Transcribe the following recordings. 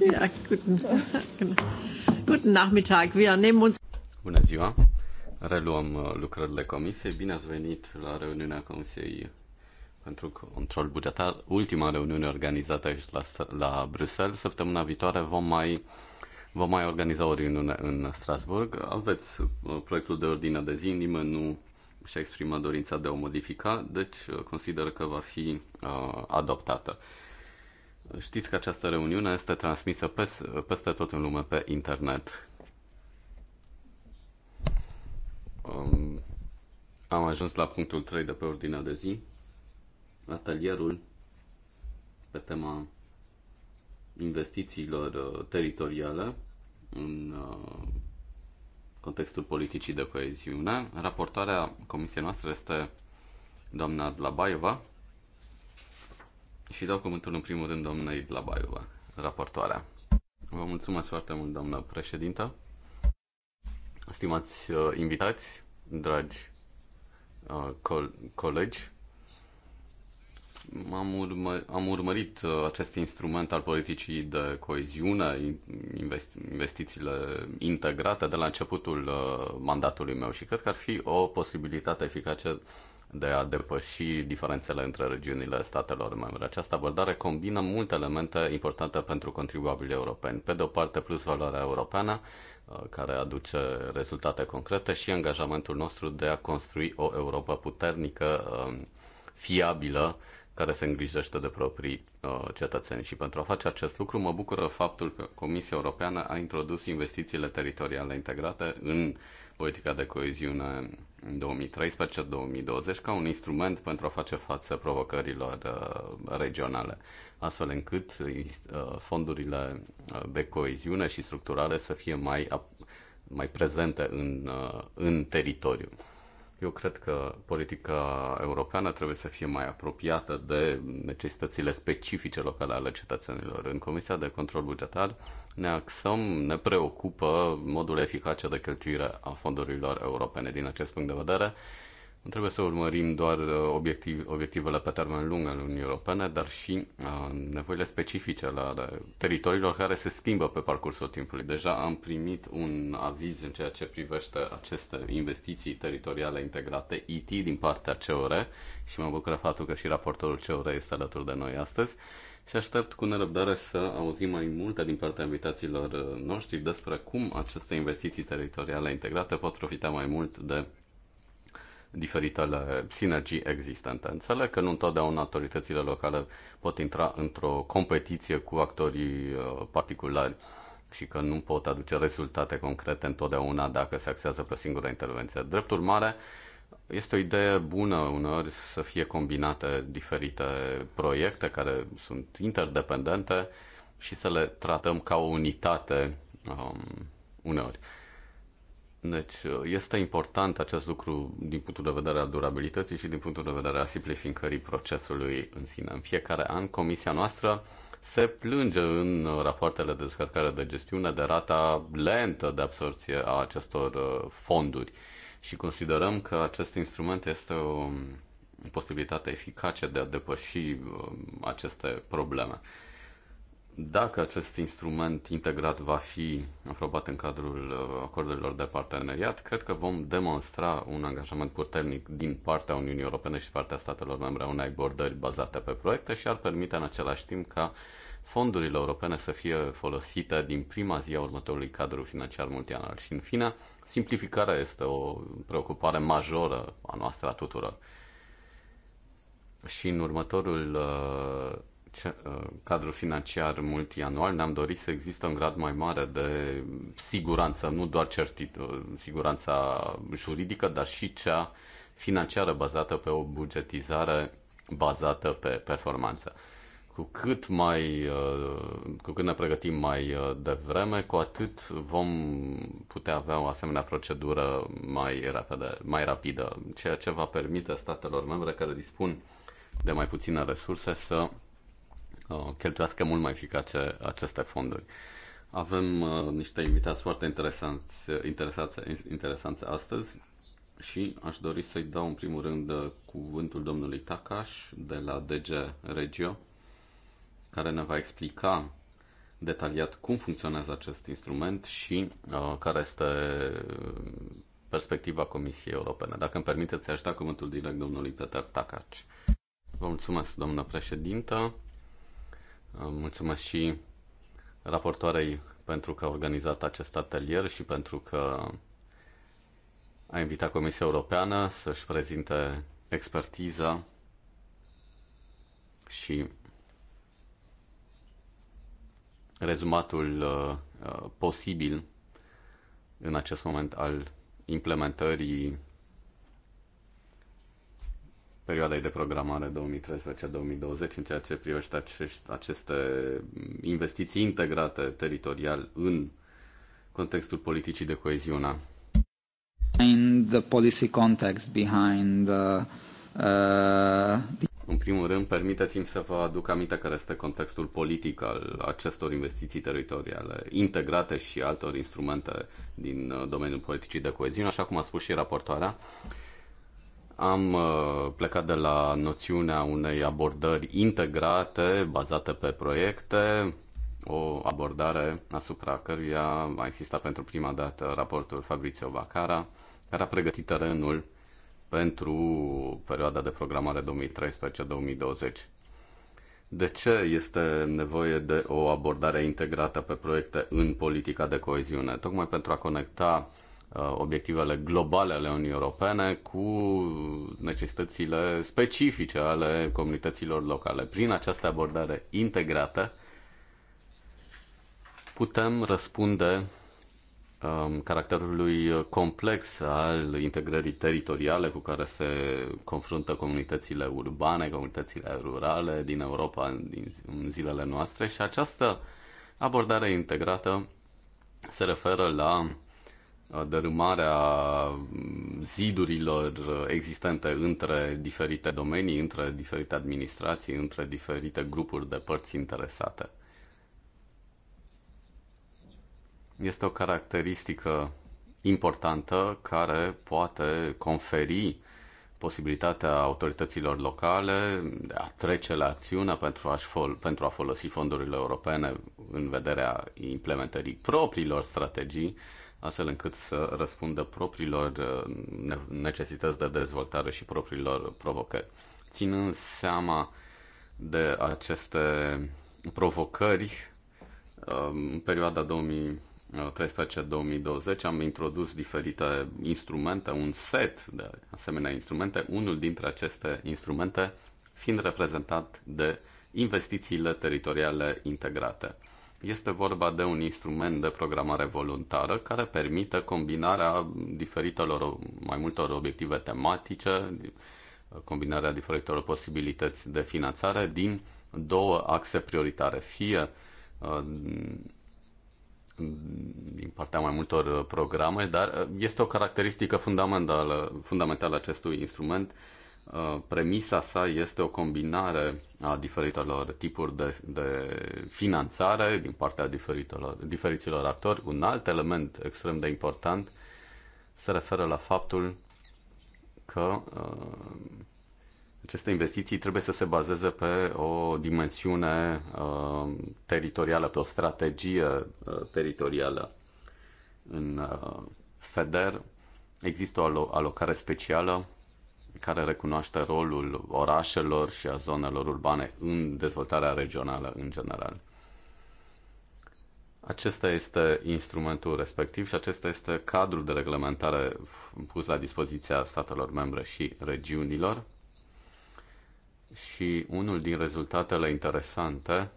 Ja, guten, guten Nachmittag. Wir nehmen uns... Bună ziua! Reluăm uh, lucrările comisiei. Bine ați venit la reuniunea Comisiei pentru Control Bugetar, ultima reuniune organizată aici la, la Bruxelles. Săptămâna viitoare vom mai, vom mai organiza o reuniune în Strasburg. Aveți uh, proiectul de ordine de zi, nimeni nu și-a exprimat dorința de a o modifica, deci uh, consider că va fi uh, adoptată. Știți că această reuniune este transmisă pes, peste tot în lume pe internet. Um, am ajuns la punctul 3 de pe ordinea de zi, atelierul pe tema investițiilor uh, teritoriale în uh, contextul politicii de coeziune. Raportoarea comisiei noastre este doamna Dlabaiova și dau cuvântul în primul rând doamnei Dlabaiova, raportoarea. Vă mulțumesc foarte mult, doamnă președintă. Stimați uh, invitați, dragi uh, colegi, am, urmă, am urmărit uh, acest instrument al politicii de coeziune, investi, investițiile integrate de la începutul uh, mandatului meu și cred că ar fi o posibilitate eficace de a depăși diferențele între regiunile statelor membre. Această abordare combină multe elemente importante pentru contribuabilii europeni. Pe de o parte, plus valoarea europeană, uh, care aduce rezultate concrete și angajamentul nostru de a construi o Europa puternică, um, fiabilă, care se îngrijește de proprii uh, cetățeni. Și pentru a face acest lucru, mă bucură faptul că Comisia Europeană a introdus investițiile teritoriale integrate în politica de coeziune 2013-2020 ca un instrument pentru a face față provocărilor uh, regionale, astfel încât uh, uh, fondurile de coeziune și structurale să fie mai, mai prezente în, în teritoriu. Eu cred că politica europeană trebuie să fie mai apropiată de necesitățile specifice locale ale cetățenilor. În Comisia de Control Bugetar ne axăm, ne preocupă modul eficace de cheltuire a fondurilor europene. Din acest punct de vedere, nu trebuie să urmărim doar uh, obiectiv, obiectivele pe termen lung al Uniunii Europene, dar și uh, nevoile specifice ale, teritoriilor care se schimbă pe parcursul timpului. Deja am primit un aviz în ceea ce privește aceste investiții teritoriale integrate IT din partea CEOR și mă bucură faptul că și raportorul CEOR este alături de noi astăzi și aștept cu nerăbdare să auzim mai multe din partea invitațiilor uh, noștri despre cum aceste investiții teritoriale integrate pot profita mai mult de diferitele sinergii existente. Înțeleg că nu întotdeauna autoritățile locale pot intra într-o competiție cu actorii uh, particulari și că nu pot aduce rezultate concrete întotdeauna dacă se axează pe o singură intervenție. Drept urmare, este o idee bună uneori să fie combinate diferite proiecte care sunt interdependente și să le tratăm ca o unitate um, uneori. Deci uh, este important acest lucru din punctul de vedere al durabilității și din punctul de vedere al simplificării procesului în sine. În fiecare an, comisia noastră se plânge în uh, rapoartele de descărcare de gestiune de rata lentă de absorție a acestor uh, fonduri și considerăm că acest instrument este o um, posibilitate eficace de a depăși um, aceste probleme. Dacă acest instrument integrat va fi aprobat în cadrul uh, acordurilor de parteneriat, cred că vom demonstra un angajament puternic din partea Uniunii Europene și partea statelor membre a unei abordări bazate pe proiecte și ar permite în același timp ca fondurile europene să fie folosite din prima zi a următorului cadru financiar multianual. Și în fine, simplificarea este o preocupare majoră a noastră a tuturor. Și în următorul uh, Uh, cadru financiar multianual ne-am dorit să există un grad mai mare de siguranță, nu doar certit- uh, siguranța juridică, dar și cea financiară bazată pe o bugetizare bazată pe performanță. Cu cât, mai, uh, cu cât ne pregătim mai devreme, cu atât vom putea avea o asemenea procedură mai, rapide, mai rapidă, ceea ce va permite statelor membre care dispun de mai puține resurse să Uh, cheltuiască mult mai eficace aceste fonduri. Avem uh, niște invitați foarte interesanți, interesați, interesanți astăzi și aș dori să-i dau în primul rând uh, cuvântul domnului Takaș de la DG Regio, care ne va explica detaliat cum funcționează acest instrument și uh, care este uh, perspectiva Comisiei Europene. Dacă îmi permiteți, aș da cuvântul direct domnului Peter Takaci. Vă mulțumesc, doamnă președintă. Mulțumesc și raportoarei pentru că a organizat acest atelier și pentru că a invitat Comisia Europeană să-și prezinte expertiza și rezumatul uh, uh posibil în acest moment al implementării perioadei de programare 2013-2020 în ceea ce privește acești, aceste investiții integrate teritorial în contextul politicii de coeziune. In the policy context behind the, uh, the... În primul rând, permiteți-mi să vă aduc aminte care este contextul politic al acestor investiții teritoriale integrate și altor instrumente din uh, domeniul politicii de coeziune, așa cum a spus și raportoarea. Am uh, plecat de la noțiunea unei abordări integrate, bazate pe proiecte, o abordare asupra căruia a existat pentru prima dată raportul Fabrizio Bacara, care a pregătit terenul pentru perioada de programare 2013-2020. De ce este nevoie de o abordare integrată pe proiecte în politica de coeziune? Tocmai pentru a conecta Uh, obiectivele globale ale Uniunii Europene cu necesitățile specifice ale comunităților locale. Prin această abordare integrată putem răspunde um, caracterului complex al integrării teritoriale cu care se confruntă comunitățile urbane, comunitățile rurale din Europa din, în zilele noastre și această abordare integrată se referă la dărâmarea zidurilor existente între diferite domenii, între diferite administrații, între diferite grupuri de părți interesate. Este o caracteristică importantă care poate conferi posibilitatea autorităților locale de a trece la acțiune pentru, fol- pentru a folosi fondurile europene în vederea implementării propriilor strategii astfel încât să răspundă propriilor uh, necesități de dezvoltare și propriilor provocări. Ținând seama de aceste provocări, uh, în perioada 2013-2020 am introdus diferite instrumente, un set de asemenea instrumente, unul dintre aceste instrumente fiind reprezentat de investițiile teritoriale integrate. Este vorba de un instrument de programare voluntară care permite combinarea diferitelor, mai multor obiective tematice, combinarea diferitelor posibilități de finanțare din două axe prioritare. Fie uh, din partea mai multor programe, dar uh, este o caracteristică fundamentală, fundamentală acestui instrument Uh, premisa sa este o combinare a diferitelor tipuri de, de finanțare din partea diferitelor, diferiților actori. Un alt element extrem de important se referă la faptul că uh, aceste investiții trebuie să se bazeze pe o dimensiune uh, teritorială, pe o strategie uh, teritorială. În uh, FEDER există o alocare specială care recunoaște rolul orașelor și a zonelor urbane în dezvoltarea regională în general. Acesta este instrumentul respectiv și acesta este cadrul de reglementare pus la dispoziția statelor membre și regiunilor. Și unul din rezultatele interesante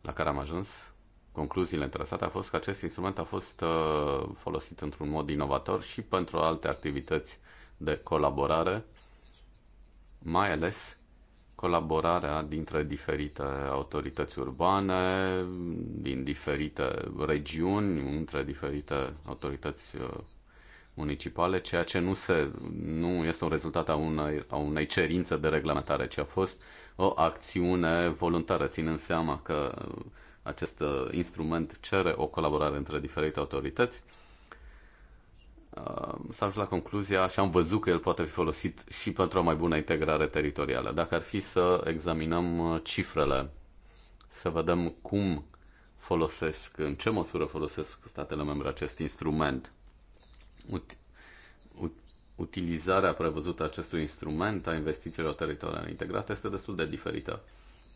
la care am ajuns, concluziile interesate, a fost că acest instrument a fost uh, folosit într-un mod inovator și pentru alte activități de colaborare mai ales colaborarea dintre diferite autorități urbane, din diferite regiuni, între diferite autorități uh, municipale, ceea ce nu, se, nu este un rezultat a unei, a unei cerințe de reglementare, ci a fost o acțiune voluntară, ținând seama că uh, acest uh, instrument cere o colaborare între diferite autorități Uh, s-a ajuns la concluzia și am văzut că el poate fi folosit și pentru o mai bună integrare teritorială. Dacă ar fi să examinăm uh, cifrele, să vedem cum folosesc, în ce măsură folosesc statele membre acest instrument, ut- ut- utilizarea prevăzută acestui instrument a investițiilor teritoriale integrate este destul de diferită.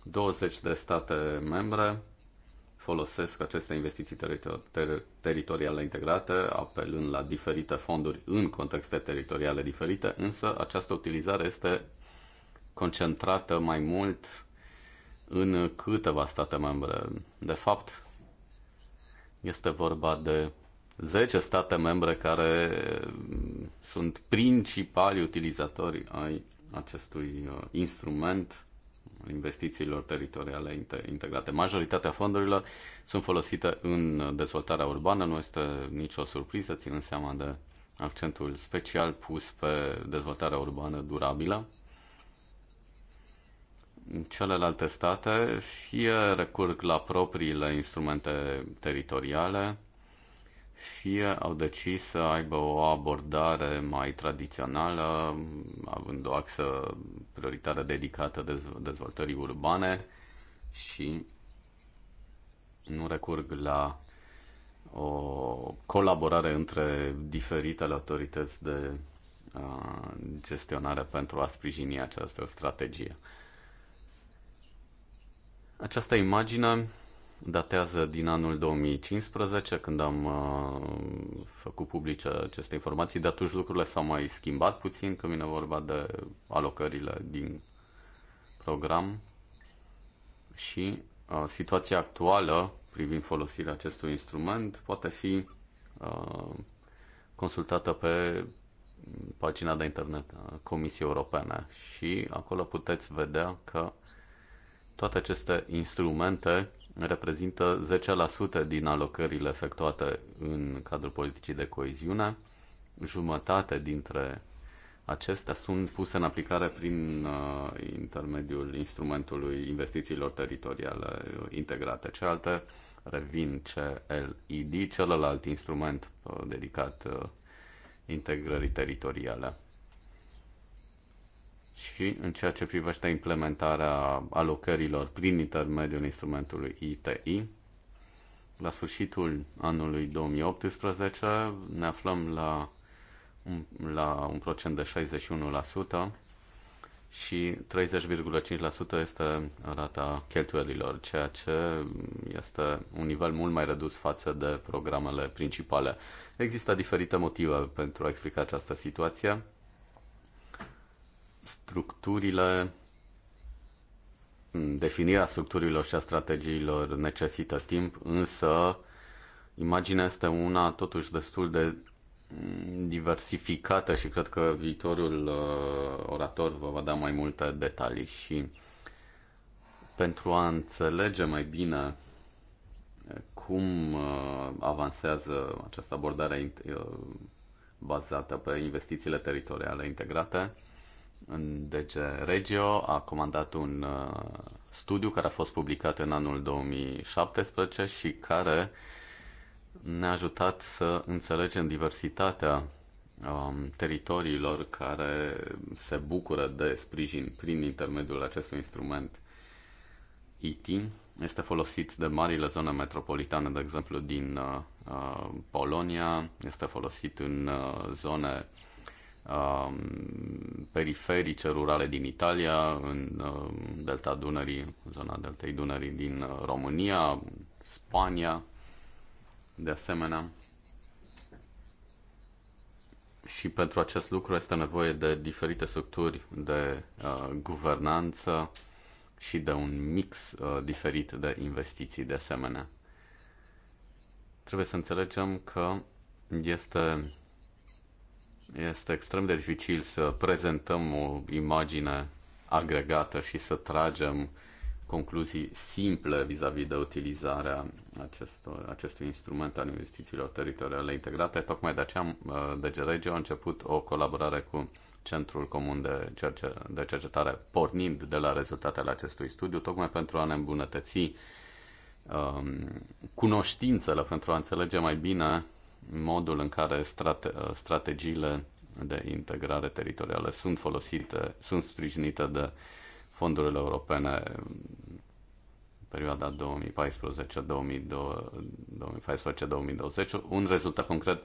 20 de state membre folosesc aceste investiții teritor- ter- teritoriale integrate, apelând la diferite fonduri în contexte teritoriale diferite, însă această utilizare este concentrată mai mult în câteva state membre. De fapt, este vorba de 10 state membre care sunt principali utilizatori ai acestui uh, instrument investițiilor teritoriale integrate. Majoritatea fondurilor sunt folosite în dezvoltarea urbană, nu este nicio surpriză, ținând seama de accentul special pus pe dezvoltarea urbană durabilă. Celelalte state fie recurg la propriile instrumente teritoriale, fie au decis să aibă o abordare mai tradițională, având o axă prioritară dedicată dez- dezvoltării urbane și nu recurg la o colaborare între diferitele autorități de gestionare pentru a sprijini această strategie. Această imagine datează din anul 2015, când am uh, făcut publice aceste informații. De atunci lucrurile s-au mai schimbat puțin, când vine vorba de alocările din program și uh, situația actuală privind folosirea acestui instrument poate fi uh, consultată pe pagina de internet a Comisiei Europene și acolo puteți vedea că toate aceste instrumente reprezintă 10% din alocările efectuate în cadrul politicii de coeziune. Jumătate dintre acestea sunt puse în aplicare prin uh, intermediul instrumentului investițiilor teritoriale integrate. Cealaltă revin CLID, celălalt instrument uh, dedicat uh, integrării teritoriale și în ceea ce privește implementarea alocărilor prin intermediul instrumentului ITI. La sfârșitul anului 2018 ne aflăm la la un procent de 61% și 30,5% este rata cheltuielilor, ceea ce este un nivel mult mai redus față de programele principale. Există diferite motive pentru a explica această situație structurile, definirea structurilor și a strategiilor necesită timp, însă imaginea este una totuși destul de diversificată și cred că viitorul uh, orator vă va da mai multe detalii și pentru a înțelege mai bine uh, cum uh, avansează această abordare bazată pe investițiile teritoriale integrate, în Regio a comandat un uh, studiu care a fost publicat în anul 2017 și care ne-a ajutat să înțelegem diversitatea um, teritoriilor care se bucură de sprijin prin intermediul acestui instrument IT. Este folosit de marile zone metropolitane, de exemplu din uh, uh, Polonia, este folosit în zone Um, periferice rurale din Italia, în um, delta Dunării, zona deltei Dunării din uh, România, Spania, de asemenea. Și pentru acest lucru este nevoie de diferite structuri de uh, guvernanță și de un mix uh, diferit de investiții, de asemenea. Trebuie să înțelegem că este este extrem de dificil să prezentăm o imagine agregată și să tragem concluzii simple vis-a-vis -vis de utilizarea acestor, acestui instrument al investițiilor teritoriale integrate. Tocmai de aceea DG Regio a început o colaborare cu Centrul Comun de, Cerce- de Cercetare, pornind de la rezultatele acestui studiu, tocmai pentru a ne îmbunătăți um, cunoștințele, pentru a înțelege mai bine modul în care strate, strategiile de integrare teritorială sunt folosite, sunt sprijinite de fondurile europene în perioada 2014-2020. Un rezultat concret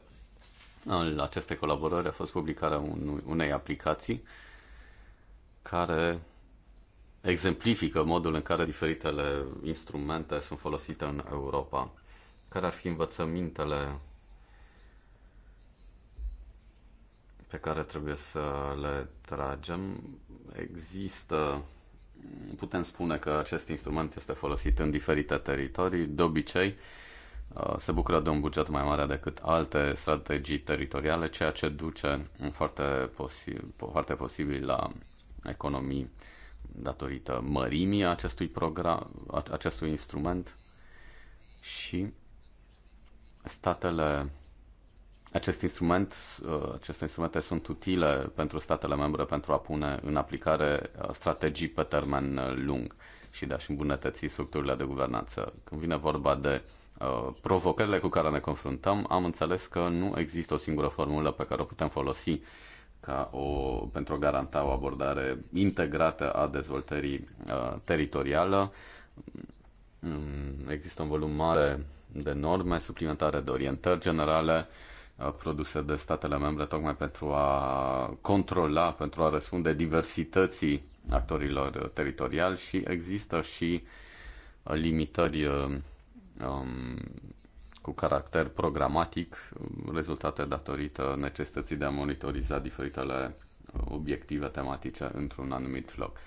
al acestei colaborări a fost publicarea unei aplicații care exemplifică modul în care diferitele instrumente sunt folosite în Europa. Care ar fi învățămintele pe care trebuie să le tragem. Există, putem spune că acest instrument este folosit în diferite teritorii. De obicei, uh, se bucură de un buget mai mare decât alte strategii teritoriale, ceea ce duce foarte, posi- foarte posibil la economii datorită mărimii acestui program, acestui instrument și statele acest instrument, uh, aceste instrumente sunt utile pentru statele membre pentru a pune în aplicare uh, strategii pe termen uh, lung și de a-și îmbunătăți structurile de guvernanță. Când vine vorba de provocările cu care ne confruntăm, am înțeles că nu există o singură formulă pe care o putem folosi ca o, pentru a garanta o abordare integrată a dezvoltării teritorială. Mm, există un volum mare de norme suplimentare, de orientări generale produse de statele membre tocmai pentru a controla, pentru a răspunde diversității actorilor teritoriali și există și limitări um, cu caracter programatic, rezultate datorită necesității de a monitoriza diferitele obiective tematice într-un anumit loc.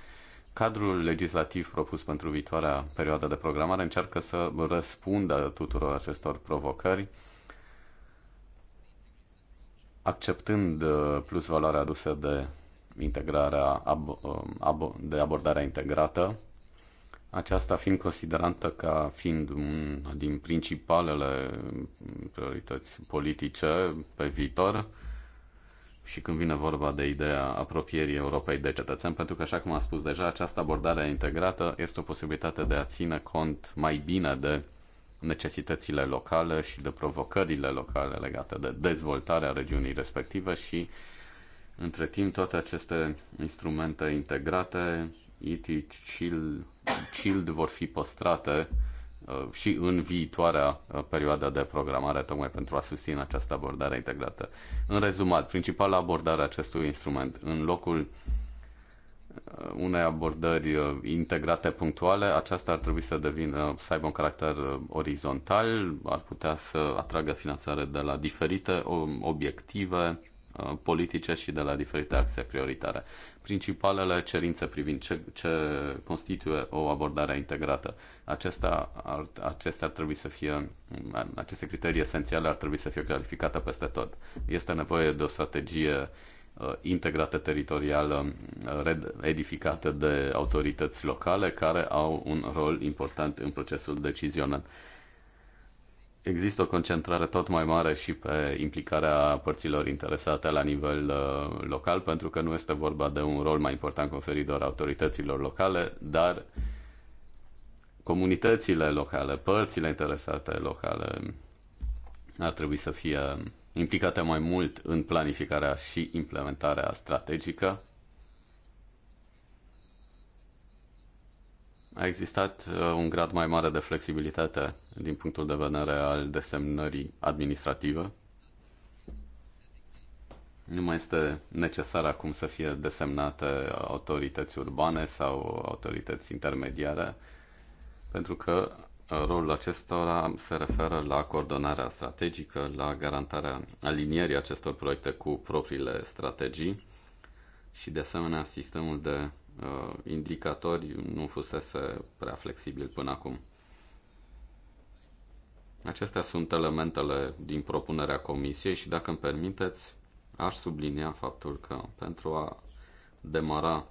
Cadrul legislativ propus pentru viitoarea perioadă de programare încearcă să răspundă tuturor acestor provocări acceptând uh, plus valoarea adusă de integrarea um, de abordarea integrată, aceasta fiind considerată ca fiind una din principalele priorități politice pe viitor și când vine vorba de ideea apropierii Europei de cetățeni, pentru că, așa cum am spus deja, această abordare integrată este o posibilitate de a ține cont mai bine de necesitățile locale și de provocările locale legate de dezvoltarea regiunii respective și între timp toate aceste instrumente integrate, IT, CHILD vor fi păstrate uh, și în viitoarea uh, perioadă de programare, tocmai pentru a susține această abordare integrată. În rezumat, principala abordare a acestui instrument, în locul unei abordări uh, integrate punctuale, aceasta ar trebui să devină, să aibă un caracter uh, orizontal, ar putea să atragă finanțare de la diferite obiective uh, politice și de la diferite axe prioritare. Principalele cerințe privind ce, ce constituie o abordare integrată. acestea ar, acestea ar trebui să fie, um, aceste criterii esențiale ar trebui să fie clarificate peste tot. Este nevoie de o strategie uh, Uh, integrată teritorială uh, edificată de autorități locale care au un rol important în procesul decizional. Există o concentrare tot mai mare și pe implicarea părților interesate la nivel uh, local, pentru că nu este vorba de un rol mai important conferit doar autorităților locale, dar comunitățile locale, părțile interesate locale ar trebui să fie implicate mai mult în planificarea și implementarea strategică. A existat uh, un grad mai mare de flexibilitate din punctul de vedere al desemnării administrative. Nu mai este necesar acum să fie desemnate autorități urbane sau autorități intermediare, pentru că Rolul acestora se referă la coordonarea strategică, la garantarea alinierii acestor proiecte cu propriile strategii și, de asemenea, sistemul de uh, indicatori nu fusese prea flexibil până acum. Acestea sunt elementele din propunerea comisiei și, dacă îmi permiteți, aș sublinia faptul că pentru a demara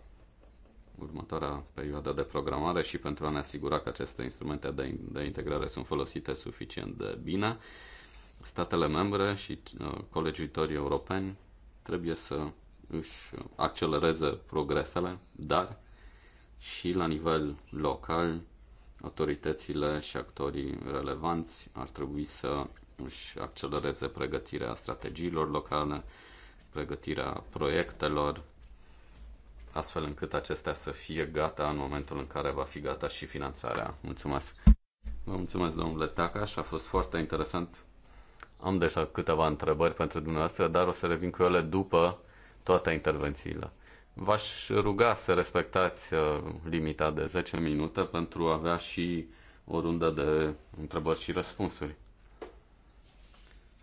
următoarea perioadă de programare și pentru a ne asigura că aceste instrumente de, de integrare sunt folosite suficient de bine, statele membre și uh, colegiuitorii europeni trebuie să își accelereze progresele, dar și la nivel local autoritățile și actorii relevanți ar trebui să își accelereze pregătirea strategiilor locale, pregătirea proiectelor astfel încât acestea să fie gata în momentul în care va fi gata și finanțarea. Mulțumesc! Vă mulțumesc, domnule Tacaș, a fost foarte interesant. Am deja câteva întrebări pentru dumneavoastră, dar o să revin cu ele după toate intervențiile. V-aș ruga să respectați uh, limita de 10 minute pentru a avea și o rundă de întrebări și răspunsuri.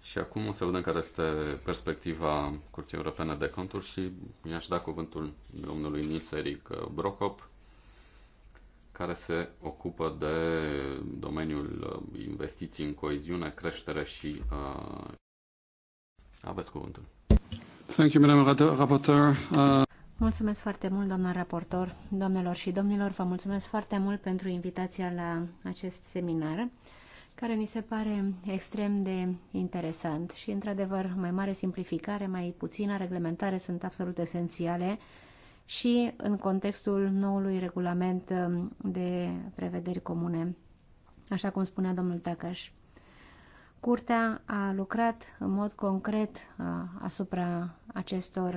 Și acum o să vedem care este perspectiva Curții Europene de Conturi și mi-aș da cuvântul domnului Nils Eric Brocop, care se ocupă de domeniul investiții în coeziune, creștere și... Uh... Aveți cuvântul. Thank you, Madam Rapporteur. Uh... Mulțumesc foarte mult, doamna raportor, doamnelor și domnilor. Vă mulțumesc foarte mult pentru invitația la acest seminar. Uh, care mi se pare extrem de interesant și, într-adevăr, mai mare simplificare, mai puțină reglementare sunt absolut esențiale și în contextul noului regulament um, de prevederi comune, așa cum spunea domnul Tacaș. Curtea a lucrat în mod concret uh, asupra acestor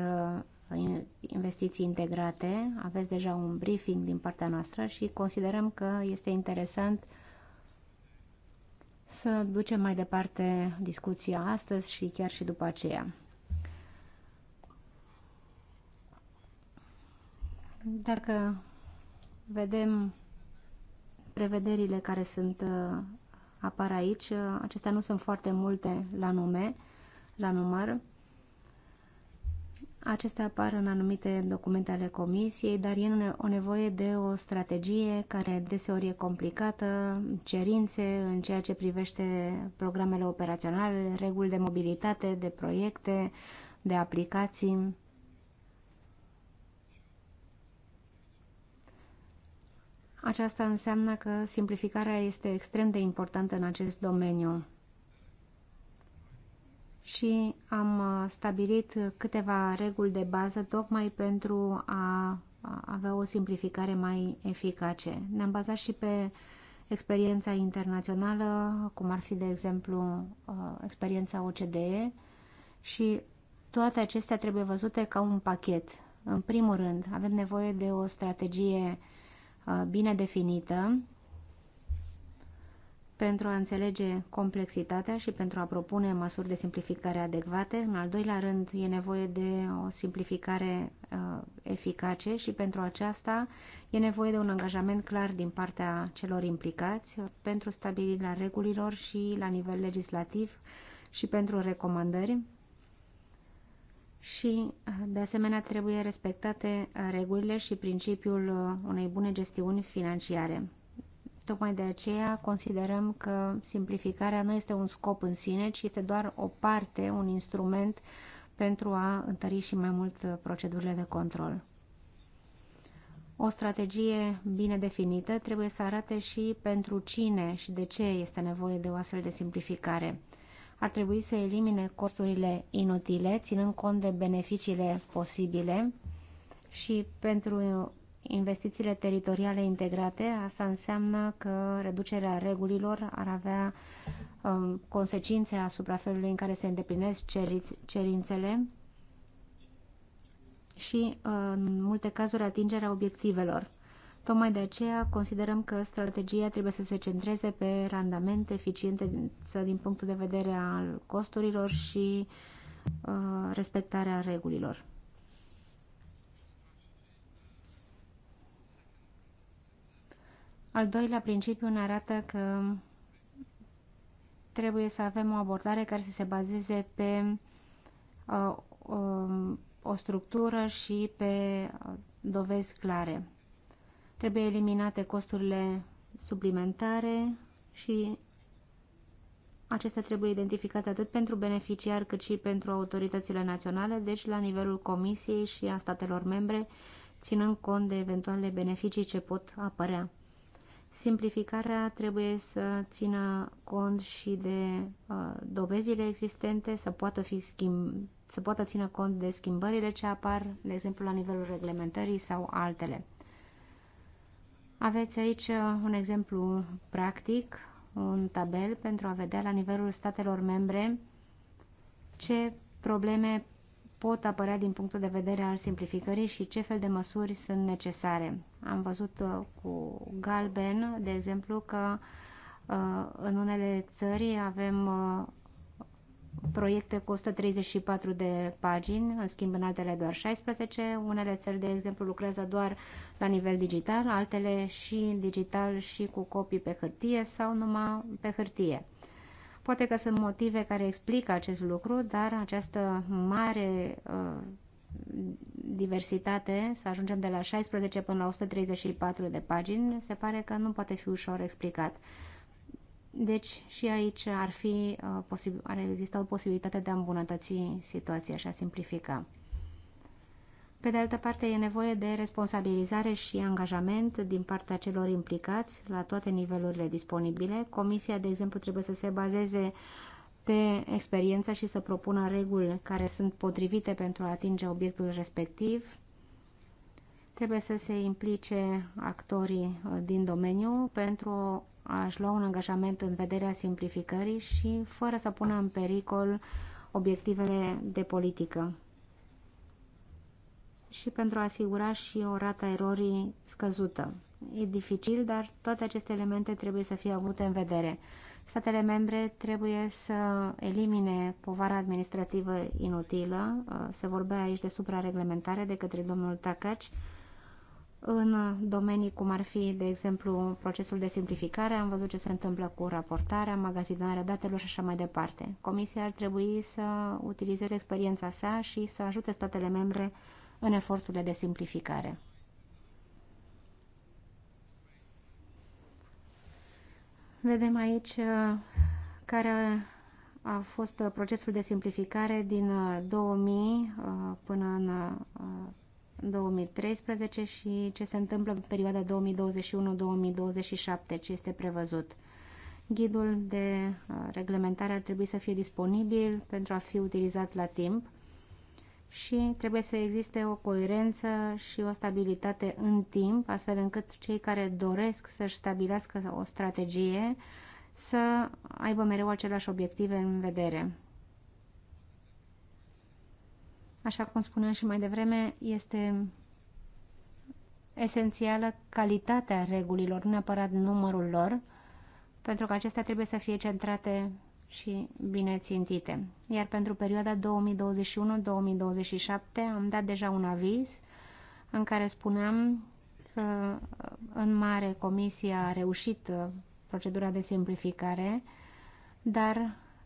uh, investiții integrate. Aveți deja un briefing din partea noastră și considerăm că este interesant uh, să ducem mai departe discuția astăzi și chiar și după aceea. Dacă vedem prevederile care sunt uh, apar aici, uh, acestea nu sunt foarte multe la nume, la număr, Acestea apar în anumite documente ale comisiei, dar e o nevoie de o strategie care deseori e complicată, cerințe în ceea ce privește programele operaționale, reguli de mobilitate, de proiecte, de aplicații. Aceasta înseamnă că simplificarea este extrem de importantă în acest domeniu și am uh, stabilit câteva reguli de bază tocmai pentru a avea o simplificare mai eficace. Ne-am bazat și pe experiența internațională, cum ar fi, de exemplu, uh, experiența OCDE și toate acestea trebuie văzute ca un pachet. În primul rând, avem nevoie de o strategie uh, bine definită pentru a înțelege complexitatea și pentru a propune măsuri de simplificare adecvate. În al doilea rând, e nevoie de o simplificare uh, eficace și pentru aceasta e nevoie de un angajament clar din partea celor implicați pentru stabilirea regulilor și la nivel legislativ și pentru recomandări. Și, uh, de asemenea, trebuie respectate regulile și principiul uh, unei bune gestiuni financiare. Tocmai de aceea considerăm că simplificarea nu este un scop în sine, ci este doar o parte, un instrument pentru a întări și mai mult procedurile de control. O strategie bine definită trebuie să arate și pentru cine și de ce este nevoie de o astfel de simplificare. Ar trebui să elimine costurile inutile, ținând cont de beneficiile posibile și pentru investițiile teritoriale integrate, asta înseamnă că reducerea regulilor ar avea um, consecințe asupra felului în care se îndeplinesc cerințele și, uh, în multe cazuri, atingerea obiectivelor. Tocmai de aceea considerăm că strategia trebuie să se centreze pe randamente eficiente din punctul de vedere al costurilor și uh, respectarea regulilor. Al doilea principiu ne arată că trebuie să avem o abordare care să se bazeze pe uh, uh, o structură și pe uh, dovezi clare. Trebuie eliminate costurile suplimentare și acestea trebuie identificate atât pentru beneficiar cât și pentru autoritățile naționale, deci la nivelul Comisiei și a statelor membre, ținând cont de eventuale beneficii ce pot apărea. Simplificarea trebuie să țină cont și de uh, dovezile existente, să poată, fi schimb, să poată țină cont de schimbările ce apar, de exemplu, la nivelul reglementării sau altele. Aveți aici uh, un exemplu practic, un tabel pentru a vedea la nivelul statelor membre ce probleme pot apărea din punctul de vedere al simplificării și ce fel de măsuri sunt necesare. Am văzut uh, cu Galben, de exemplu, că uh, în unele țări avem uh, proiecte cu 134 de pagini, în schimb în altele doar 16. Unele țări, de exemplu, lucrează doar la nivel digital, altele și digital și cu copii pe hârtie sau numai pe hârtie. Poate că sunt motive care explică acest lucru, dar această mare uh, diversitate, să ajungem de la 16 până la 134 de pagini, se pare că nu poate fi ușor explicat. Deci și aici ar, fi, uh, ar exista o posibilitate de a îmbunătăți situația și a simplifica. Pe de altă parte, e nevoie de responsabilizare și angajament din partea celor implicați la toate nivelurile disponibile. Comisia, de exemplu, trebuie să se bazeze pe experiență și să propună reguli care sunt potrivite pentru a atinge obiectul respectiv. Trebuie să se implice actorii uh, din domeniu pentru a-și lua un angajament în vederea simplificării și fără să pună în pericol obiectivele de politică și pentru a asigura și o rată a erorii scăzută. E dificil, dar toate aceste elemente trebuie să fie avute în vedere. Statele membre trebuie să elimine povara administrativă inutilă. Uh, se vorbea aici de suprareglementare de către domnul Tacaci în domenii cum ar fi, de exemplu, procesul de simplificare, am văzut ce se întâmplă cu raportarea, magazinarea datelor și așa mai departe. Comisia ar trebui să utilizeze experiența sa și să ajute statele membre în eforturile de simplificare. Vedem aici uh, care a fost procesul de simplificare din 2000 uh, uh, până în 2013 și ce se întâmplă în perioada 2021-2027, ce este prevăzut. Ghidul de reglementare ar trebui să fie disponibil pentru a fi utilizat la timp și trebuie să existe o coerență și o stabilitate în timp, astfel încât cei care doresc să-și stabilească o strategie să aibă mereu aceleași obiective în vedere. Așa cum spuneam și mai devreme, este esențială calitatea regulilor, nu neapărat numărul lor, pentru că acestea trebuie să fie centrate și bine țintite. Iar pentru perioada 2021-2027 am dat deja un aviz în care spuneam că în mare comisia a reușit uh, procedura de simplificare, dar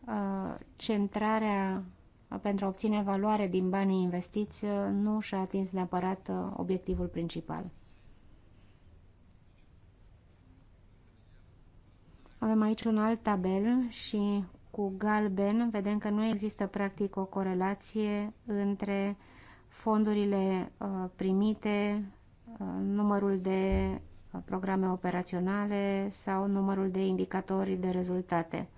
uh, centrarea pentru a obține valoare din banii investiți uh, nu și-a atins neapărat obiectivul principal. Avem aici un alt tabel și cu galben, vedem că nu există practic o corelație între fondurile uh, primite, uh, numărul de uh, programe operaționale sau numărul de indicatori de rezultate.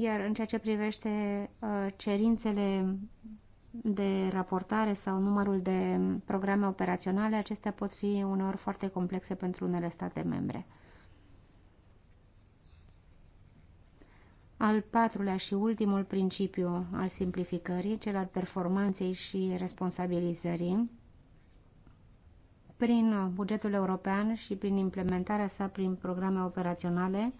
Iar în ceea ce privește cerințele de raportare sau numărul de programe operaționale, acestea pot fi uneori foarte complexe pentru unele state membre. Al patrulea și ultimul principiu al simplificării, cel al performanței și responsabilizării, prin bugetul european și prin implementarea sa prin programe operaționale,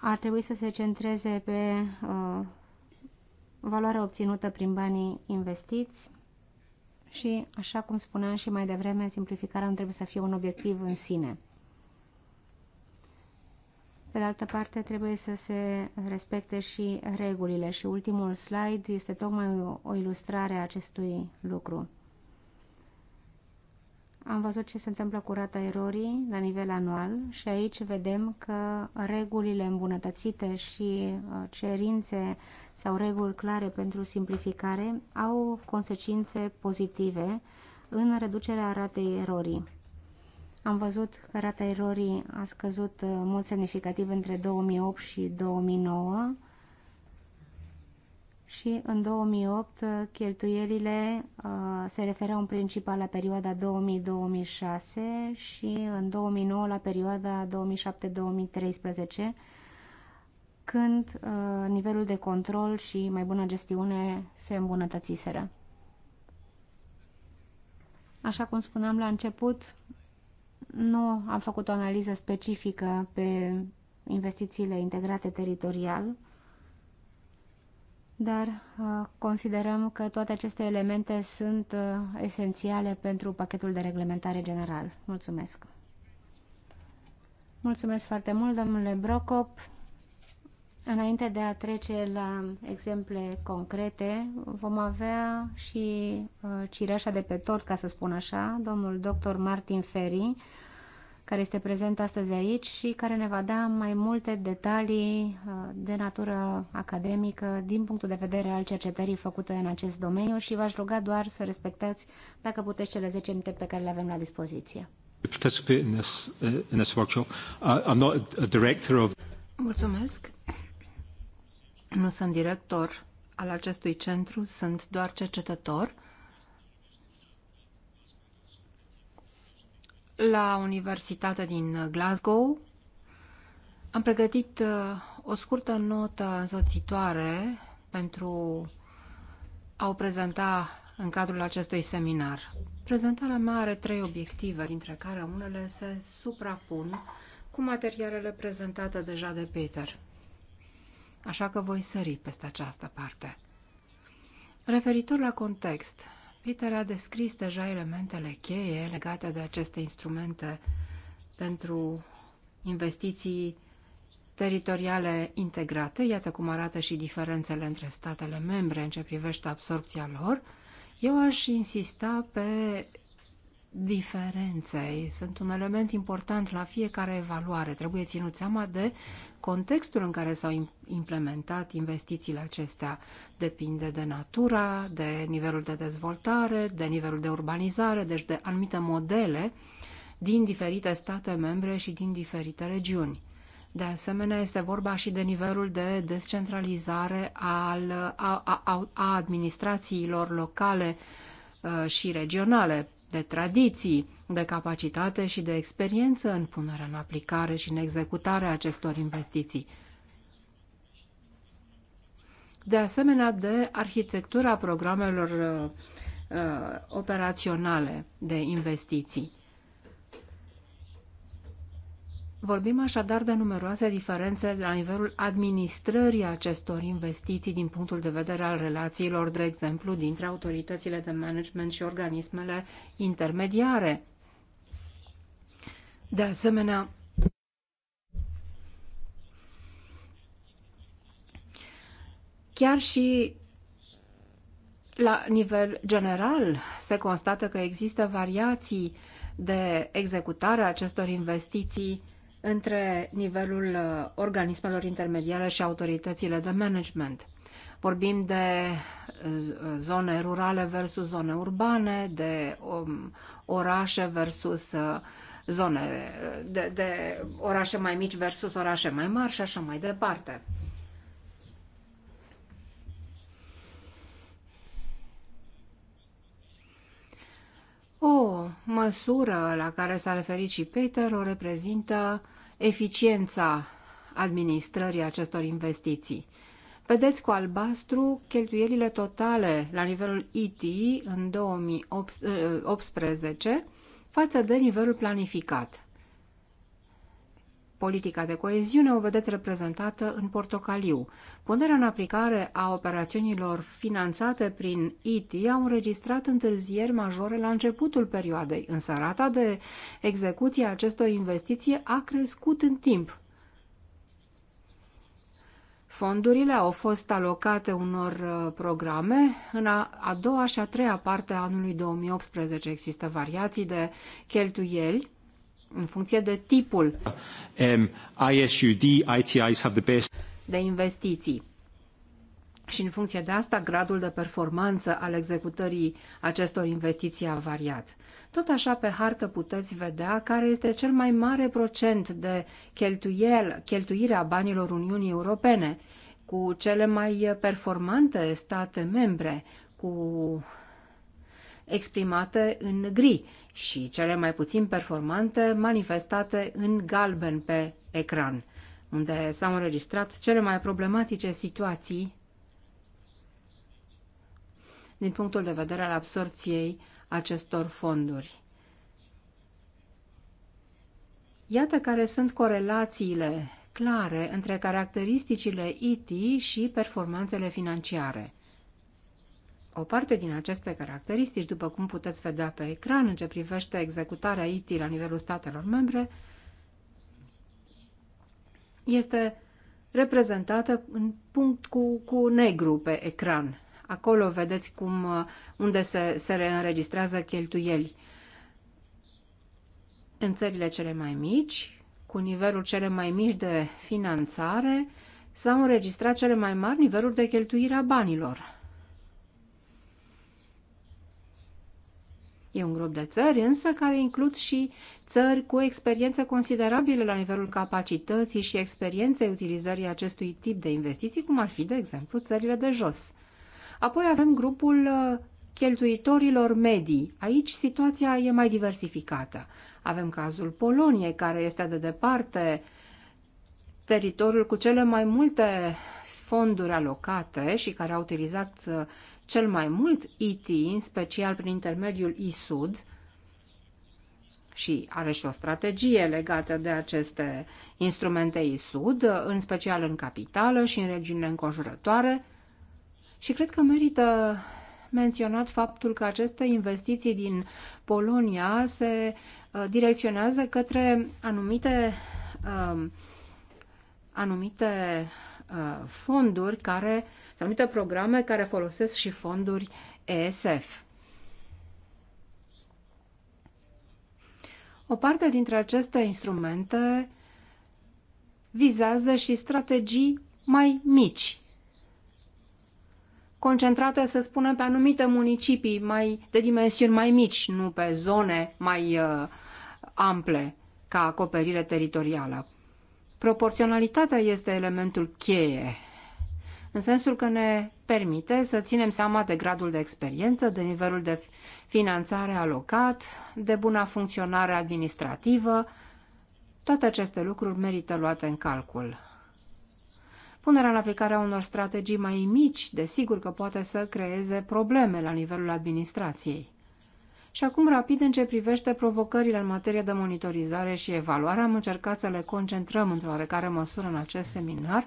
ar trebui să se centreze pe uh, valoarea obținută prin banii investiți și, așa cum spuneam și mai devreme, simplificarea nu trebuie să fie un obiectiv în sine. Pe de altă parte, trebuie să se respecte și regulile și ultimul slide este tocmai o, o ilustrare a acestui lucru. Am văzut ce se întâmplă cu rata erorii la nivel anual și aici vedem că regulile îmbunătățite și uh, cerințe sau reguli clare pentru simplificare au consecințe pozitive în reducerea ratei erorii. Am văzut că rata erorii a scăzut uh, mult semnificativ între 2008 și 2009 și în 2008 uh, cheltuielile uh, se referau în principal la perioada 2000-2006 și în 2009 la perioada 2007-2013 când uh, nivelul de control și mai bună gestiune se îmbunătățiseră. Așa cum spuneam la început, nu am făcut o analiză specifică pe investițiile integrate teritorial, dar uh, considerăm că toate aceste elemente sunt uh, esențiale pentru pachetul de reglementare general. Mulțumesc! Mulțumesc foarte mult, domnule Brocop. Înainte de a trece la exemple concrete, vom avea și uh, cireașa de pe tort, ca să spun așa, domnul dr. Martin Ferry, care este prezent astăzi aici și care ne va da mai multe detalii uh, de natură academică din punctul de vedere al cercetării făcute în acest domeniu și v-aș ruga doar să respectați, dacă puteți, cele 10 minute pe care le avem la dispoziție. Uh, Mulțumesc. Nu sunt director al acestui centru, sunt doar cercetător la Universitatea din Glasgow. Am pregătit uh, o scurtă notă însoțitoare pentru a o prezenta în cadrul acestui seminar. Prezentarea mea are trei obiective, dintre care unele se suprapun cu materialele prezentate deja de Peter. Așa că voi sări peste această parte. Referitor la context, Peter a descris deja elementele cheie legate de aceste instrumente pentru investiții teritoriale integrate, iată cum arată și diferențele între statele membre în ce privește absorpția lor, eu aș insista pe diferenței sunt un element important la fiecare evaluare. Trebuie ținut seama de contextul în care s-au implementat investițiile acestea. Depinde de natura, de nivelul de dezvoltare, de nivelul de urbanizare, deci de anumite modele din diferite state membre și din diferite regiuni. De asemenea, este vorba și de nivelul de descentralizare al, a, a, a administrațiilor locale uh, și regionale de tradiții, de capacitate și de experiență în punerea în aplicare și în executarea acestor investiții. De asemenea, de arhitectura programelor uh, uh operaționale de investiții. Vorbim așadar de numeroase diferențe la nivelul administrării acestor investiții din punctul de vedere al relațiilor, de exemplu, dintre autoritățile de management și organismele intermediare. De asemenea, chiar și la nivel general se constată că există variații de executare a acestor investiții între nivelul uh, organismelor intermediare și autoritățile de management. Vorbim de uh, zone rurale versus zone urbane, de um, orașe versus uh, zone, de, de orașe mai mici versus orașe mai mari și așa mai departe. Oh măsură la care s-a referit și Peter o reprezintă eficiența administrării acestor investiții. Vedeți cu albastru cheltuielile totale la nivelul IT în 2018 eh, față de nivelul planificat politica de coeziune o vedeți reprezentată în portocaliu. Punerea în aplicare a operațiunilor finanțate prin IT au înregistrat întârzieri majore la începutul perioadei, însă rata de execuție a acestor investiții a crescut în timp. Fondurile au fost alocate unor uh, programe. În a, a doua și a treia parte a anului 2018 există variații de cheltuieli în funcție de tipul um, ISUD, ITIs have the best. de investiții. Și în funcție de asta, gradul de performanță al executării acestor investiții a variat. Tot așa, pe hartă puteți vedea care este cel mai mare procent de cheltuiel, cheltuirea banilor Uniunii Europene, cu cele mai performante state membre, cu exprimate în gri și cele mai puțin performante manifestate în galben pe ecran, unde s-au înregistrat cele mai problematice situații din punctul de vedere al absorpției acestor fonduri. Iată care sunt corelațiile clare între caracteristicile IT și performanțele financiare. O parte din aceste caracteristici, după cum puteți vedea pe ecran, în ce privește executarea IT la nivelul statelor membre, este reprezentată în punct cu, cu negru pe ecran. Acolo vedeți cum, uh, unde se, se reînregistrează cheltuieli. În țările cele mai mici, cu nivelul cele mai mici de finanțare, s-au înregistrat cele mai mari niveluri de cheltuire a banilor. E un grup de țări, însă, care includ și țări cu experiență considerabilă la nivelul capacității și experienței utilizării acestui tip de investiții, cum ar fi, de exemplu, țările de jos. Apoi avem grupul uh, cheltuitorilor medii. Aici situația e mai diversificată. Avem cazul Poloniei, care este de departe teritoriul cu cele mai multe fonduri alocate și care a utilizat uh, cel mai mult IT, în special prin intermediul ISUD, și are și o strategie legată de aceste instrumente ISUD, în special în capitală și în regiunile înconjurătoare. Și cred că merită menționat faptul că aceste investiții din Polonia se uh, direcționează către anumite, um, anumite Uh, fonduri care, sau anumite programe care folosesc și fonduri ESF. O parte dintre aceste instrumente vizează și strategii mai mici, concentrate, să spunem, pe anumite municipii mai, de dimensiuni mai mici, nu pe zone mai uh, ample ca acoperire teritorială. Proporționalitatea este elementul cheie, în sensul că ne permite să ținem seama de gradul de experiență, de nivelul de finanțare alocat, de buna funcționare administrativă. Toate aceste lucruri merită luate în calcul. Punerea în aplicare a unor strategii mai mici, desigur că poate să creeze probleme la nivelul administrației. Și acum, rapid, în ce privește provocările în materie de monitorizare și evaluare, am încercat să le concentrăm într-o oarecare măsură în acest seminar.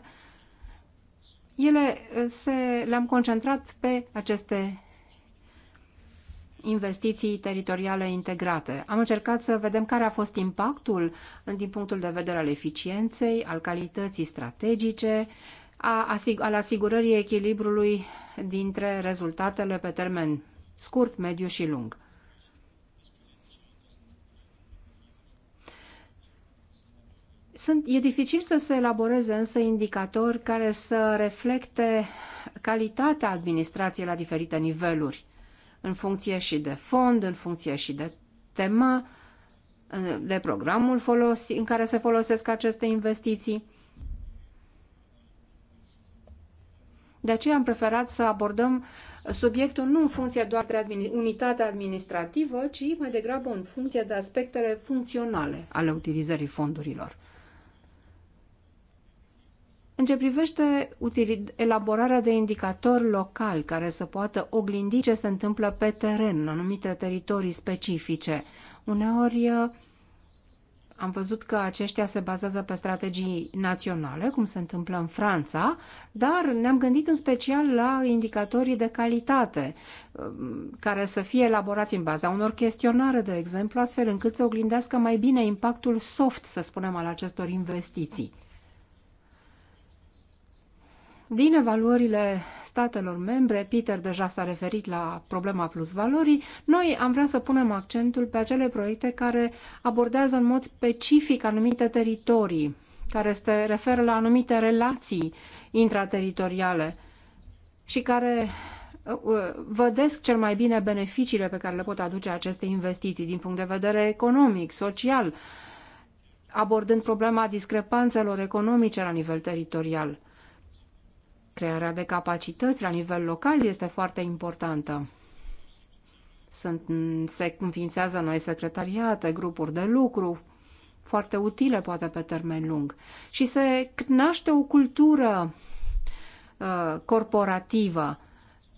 Ele se, le-am concentrat pe aceste investiții teritoriale integrate. Am încercat să vedem care a fost impactul din punctul de vedere al eficienței, al calității strategice, a, al asigurării echilibrului dintre rezultatele pe termen scurt, mediu și lung. Sunt, e dificil să se elaboreze însă indicatori care să reflecte calitatea administrației la diferite niveluri, în funcție și de fond, în funcție și de temă, de programul folos, în care se folosesc aceste investiții. De aceea am preferat să abordăm subiectul nu în funcție doar de administ unitatea administrativă, ci mai degrabă în funcție de aspectele funcționale ale utilizării fondurilor. În ce privește elaborarea de indicatori locali care să poată oglindi ce se întâmplă pe teren în anumite teritorii specifice, uneori uh, am văzut că aceștia se bazează pe strategii naționale, cum se întâmplă în Franța, dar ne-am gândit în special la indicatorii de calitate, uh, care să fie elaborați în baza unor chestionare, de exemplu, astfel încât să oglindească mai bine impactul soft, să spunem, al acestor investiții. Din evaluările statelor membre, Peter deja s-a referit la problema plusvalorii, noi am vrea să punem accentul pe acele proiecte care abordează în mod specific anumite teritorii, care se referă la anumite relații intrateritoriale și care uh, uh, vădesc cel mai bine beneficiile pe care le pot aduce aceste investiții din punct de vedere economic, social, abordând problema discrepanțelor economice la nivel teritorial. Crearea de capacități la nivel local este foarte importantă. Sunt, se înființează noi secretariate, grupuri de lucru, foarte utile poate pe termen lung. Și se naște o cultură uh, corporativă.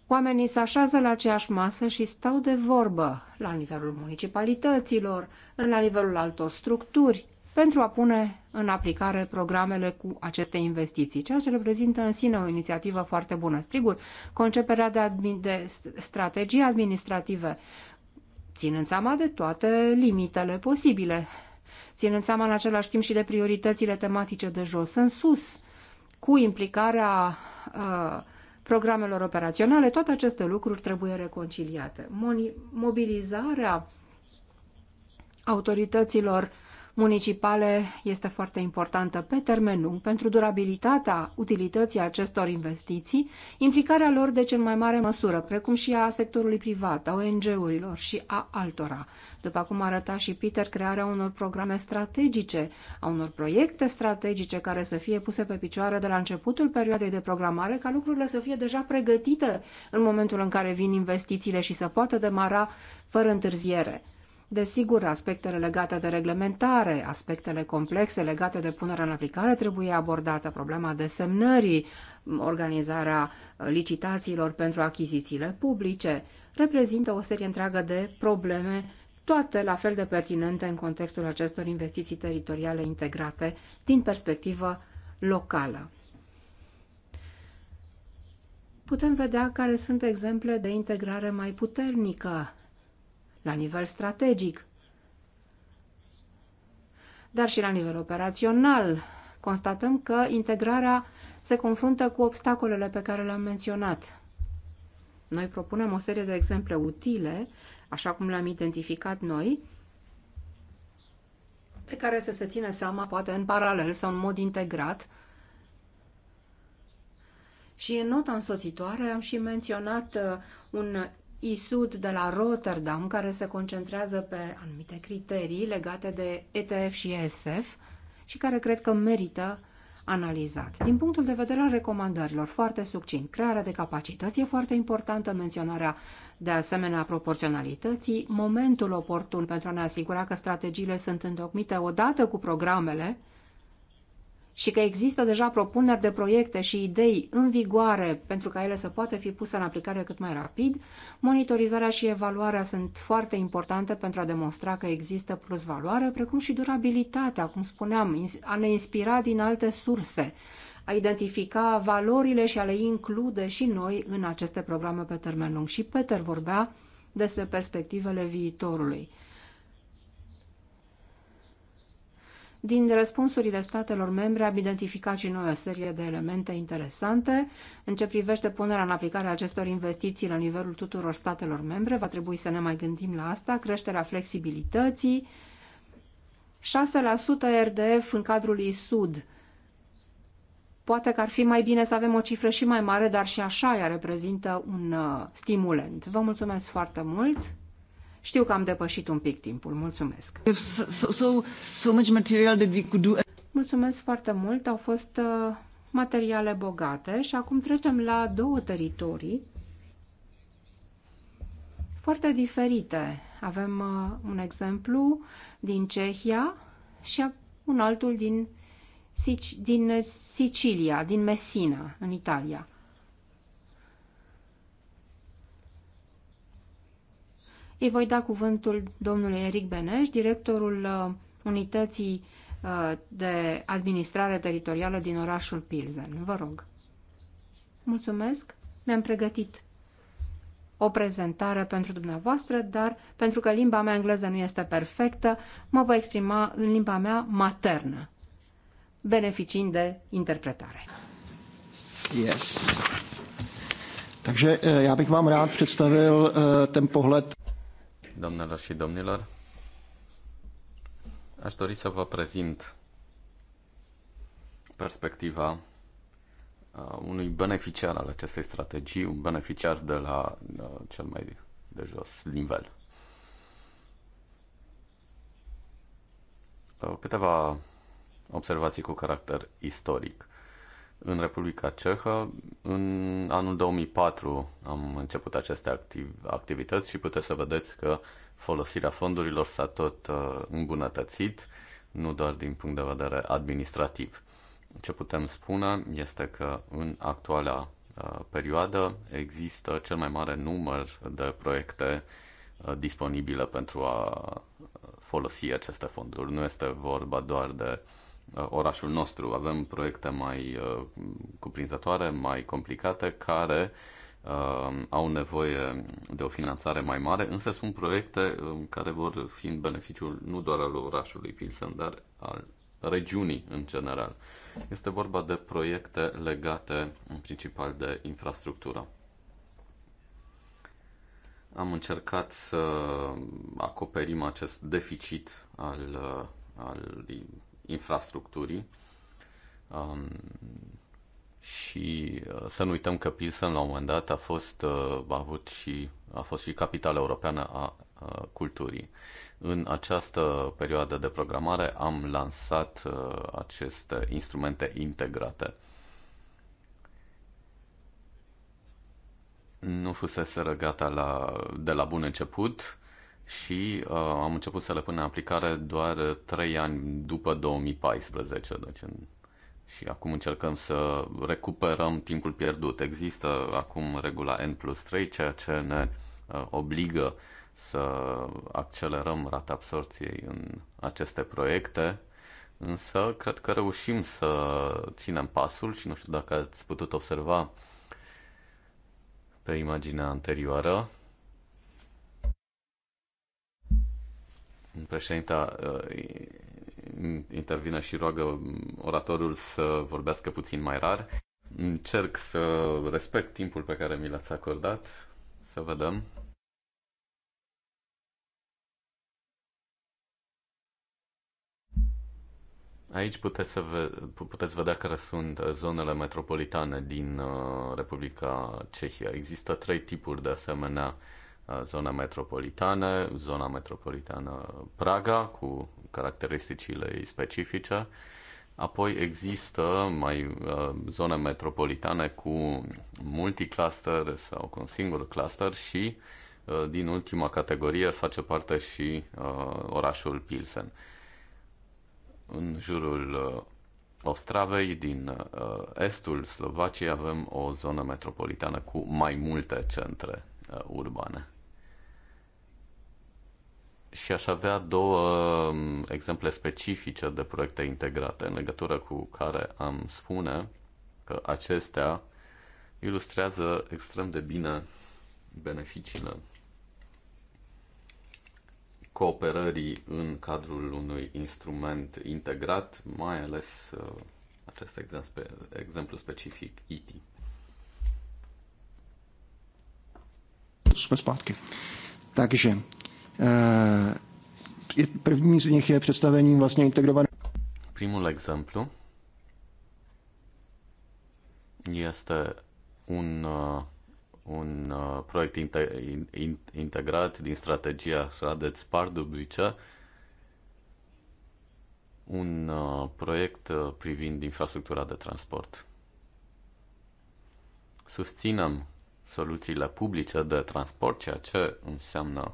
Oamenii se așează la aceeași masă și stau de vorbă la nivelul municipalităților, la nivelul altor structuri, pentru a pune în aplicare programele cu aceste investiții, ceea ce reprezintă în sine o inițiativă foarte bună. Strigur, conceperea de, admi- de strategii administrative, ținând seama de toate limitele posibile, ținând seama în același timp și de prioritățile tematice de jos în sus, cu implicarea uh, programelor operaționale, toate aceste lucruri trebuie reconciliate. Mobilizarea autorităților municipale este foarte importantă pe termen lung pentru durabilitatea utilității acestor investiții, implicarea lor de cel mai mare măsură, precum și a sectorului privat, a ONG-urilor și a altora. După cum arăta și Peter, crearea unor programe strategice, a unor proiecte strategice care să fie puse pe picioare de la începutul perioadei de programare, ca lucrurile să fie deja pregătite în momentul în care vin investițiile și să poată demara fără întârziere. Desigur, aspectele legate de reglementare, aspectele complexe legate de punerea în aplicare trebuie abordată, problema desemnării, organizarea uh, licitațiilor pentru achizițiile publice, reprezintă o serie întreagă de probleme, toate la fel de pertinente în contextul acestor investiții teritoriale integrate din perspectivă locală. Putem vedea care sunt exemple de integrare mai puternică la nivel strategic, dar și la nivel operațional. Constatăm că integrarea se confruntă cu obstacolele pe care le-am menționat. Noi propunem o serie de exemple utile, așa cum le-am identificat noi, pe care să se țină seama, poate în paralel sau în mod integrat. Și în nota însoțitoare am și menționat uh, un ISUD de la Rotterdam, care se concentrează pe anumite criterii legate de ETF și ESF și care cred că merită analizat. Din punctul de vedere al recomandărilor, foarte succint, crearea de capacități e foarte importantă, menționarea de asemenea proporționalității, momentul oportun pentru a ne asigura că strategiile sunt întocmite odată cu programele și că există deja propuneri de proiecte și idei în vigoare pentru ca ele să poată fi puse în aplicare cât mai rapid, monitorizarea și evaluarea sunt foarte importante pentru a demonstra că există plus valoare, precum și durabilitatea, cum spuneam, a ne inspira din alte surse, a identifica valorile și a le include și noi în aceste programe pe termen lung. Și Peter vorbea despre perspectivele viitorului. Din răspunsurile statelor membre am identificat și noi o serie de elemente interesante. În ce privește punerea în aplicare a acestor investiții la nivelul tuturor statelor membre, va trebui să ne mai gândim la asta, creșterea flexibilității, 6% RDF în cadrul ISUD. Poate că ar fi mai bine să avem o cifră și mai mare, dar și așa ea reprezintă un uh, stimulent. Vă mulțumesc foarte mult! Știu că am depășit un pic timpul. Mulțumesc. So, so, so much material that we could do. Mulțumesc foarte mult. Au fost uh, materiale bogate și acum trecem la două teritorii foarte diferite. Avem uh, un exemplu din Cehia și un altul din, Sic- din Sicilia, din Messina, în Italia. Îi voi da cuvântul domnului Eric Beneș, directorul uh, unității uh, de administrare teritorială din orașul Pilsen. Vă rog. Mulțumesc. Mi-am pregătit o prezentare pentru dumneavoastră, dar pentru că limba mea engleză nu este perfectă, mă voi exprima în limba mea maternă, beneficiind de interpretare. Yes. Takže eh, já bych vám rád představil eh, ten pohled doamnelor și domnilor. Aș dori să vă prezint perspectiva uh, unui beneficiar al acestei strategii, un beneficiar de la uh, cel mai de jos nivel. Uh, câteva observații cu caracter istoric în Republica Cehă. În anul 2004 am început aceste activ- activități și puteți să vedeți că folosirea fondurilor s-a tot uh, îmbunătățit, nu doar din punct de vedere administrativ. Ce putem spune este că în actuala uh, perioadă există cel mai mare număr de proiecte uh, disponibile pentru a folosi aceste fonduri. Nu este vorba doar de uh, Uh, orașul nostru. Avem proiecte mai uh, cuprinzătoare, mai complicate, care uh, au nevoie de o finanțare mai mare, însă sunt proiecte care vor fi în beneficiul nu doar al orașului Pilsen, dar al regiunii în general. Este vorba de proiecte legate în principal de infrastructură. Am încercat să acoperim acest deficit al, al infrastructurii. Um, și uh, să nu uităm că Pilsen la un moment dat a fost, uh, a avut și, a fost și capitala europeană a, a culturii. În această perioadă de programare am lansat uh, aceste instrumente integrate. Nu fusese răgata la, de la bun început, și uh, am început să le pun în aplicare doar 3 ani după 2014. Deci în... Și acum încercăm să recuperăm timpul pierdut. Există acum regula N plus 3, ceea ce ne uh, obligă să accelerăm rata absorției în aceste proiecte, însă cred că reușim să ținem pasul și nu știu dacă ați putut observa pe imaginea anterioară, Președinta uh, intervine și roagă oratorul să vorbească puțin mai rar. Încerc să respect timpul pe care mi l-ați acordat. Să vedem. Aici puteți, să ve- puteți vedea care sunt zonele metropolitane din uh, Republica Cehia. Există trei tipuri de asemenea uh, Uh, zona metropolitană, zona metropolitană Praga, cu caracteristicile ei specifice. Apoi există mai uh, zone metropolitane cu multicluster sau cu un singur cluster și uh, din ultima categorie face parte și orașul Pilsen. În jurul Ostravei, din estul Slovaciei, avem o zonă metropolitană cu mai multe centre urbane și aș avea două um, exemple specifice de proiecte integrate în legătură cu care am spune că acestea ilustrează extrem de bine beneficiile cooperării în cadrul unui instrument integrat, mai ales uh, acest exemplu specific IT. Spre spatke. Dankeschön. Eh, první z nich je představení vlastně integrované. Primul exemplu este un, eh, un eh, proiect integrat din strategia Hradec Pardubice, un proiect privind infrastructura de transport. Susținem soluțiile publice de transport, ceea ce înseamnă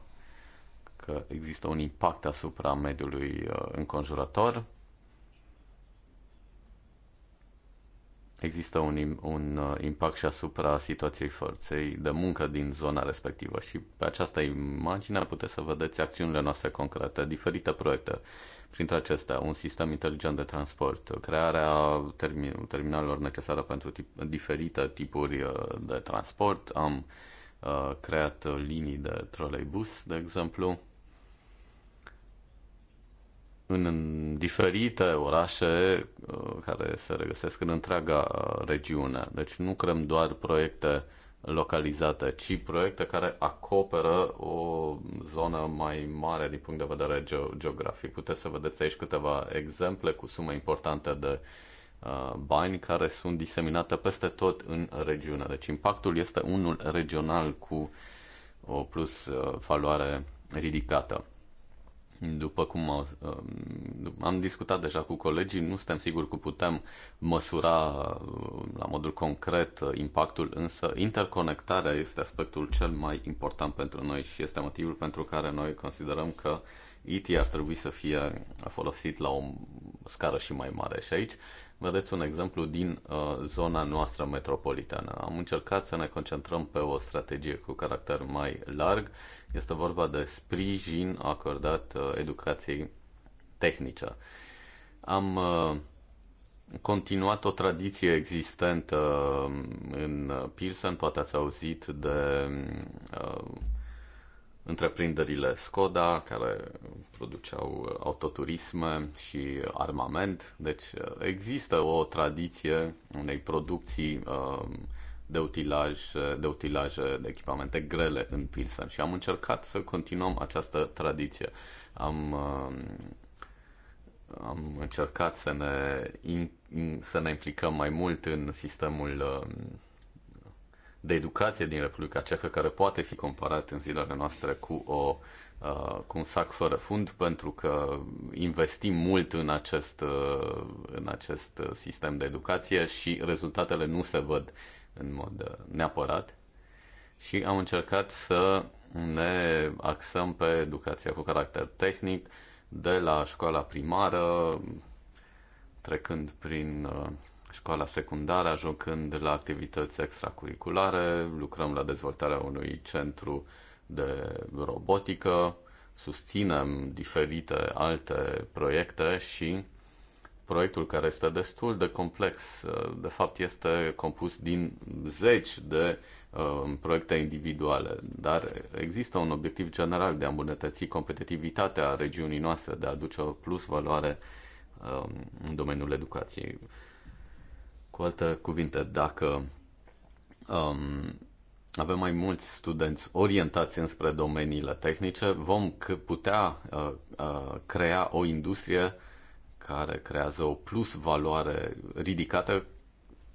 că există un impact asupra mediului uh, înconjurător. Există un, un uh, impact și asupra situației forței de muncă din zona respectivă și pe această imagine puteți să vedeți acțiunile noastre concrete, diferite proiecte. Printre acestea, un sistem inteligent de transport, crearea termin- terminalelor necesare pentru tip- diferite tipuri uh, de transport. Am uh, creat linii de troleibus, de exemplu, în diferite orașe uh, care se regăsesc în întreaga regiune. Deci nu creăm doar proiecte localizate, ci proiecte care acoperă o zonă mai mare din punct de vedere geografic. Puteți să vedeți aici câteva exemple cu sume importante de uh, bani care sunt diseminate peste tot în regiune. Deci impactul este unul regional cu o plus uh, valoare ridicată. După cum um, am discutat deja cu colegii, nu suntem siguri că putem măsura um, la modul concret uh, impactul, însă interconectarea este aspectul cel mai important pentru noi și este motivul pentru care noi considerăm că IT ar trebui să fie folosit la o scară și mai mare. Și aici Vedeți un exemplu din uh, zona noastră metropolitană. Am încercat să ne concentrăm pe o strategie cu caracter mai larg. Este vorba de sprijin acordat uh, educației tehnice. Am uh, continuat o tradiție existentă uh, în Pearson, poate ați auzit de uh, întreprinderile Skoda, care produceau uh, autoturisme și uh, armament. Deci uh, există o tradiție unei producții de utilaj, de utilaje, de echipamente grele în Pilsen și am încercat să continuăm această tradiție. Am, am încercat să ne, să ne implicăm mai mult în sistemul de educație din Republica Cehă, care poate fi comparat în zilele noastre cu, o, uh, cu un sac fără fund, pentru că investim mult în acest, uh, în acest sistem de educație și rezultatele nu se văd în mod uh, neapărat. Și am încercat să ne axăm pe educația cu caracter tehnic, de la școala primară, trecând prin uh, școala secundară, ajungând la activități extracurriculare, lucrăm la dezvoltarea unui centru de robotică, susținem diferite alte proiecte și proiectul care este destul de complex, de fapt este compus din zeci de uh, proiecte individuale, dar există un obiectiv general de a îmbunătăți competitivitatea regiunii noastre, de a aduce o plus valoare uh, în domeniul educației. Cu alte cuvinte, dacă um, avem mai mulți studenți orientați înspre domeniile tehnice, vom putea uh, uh, crea o industrie care creează o plus valoare ridicată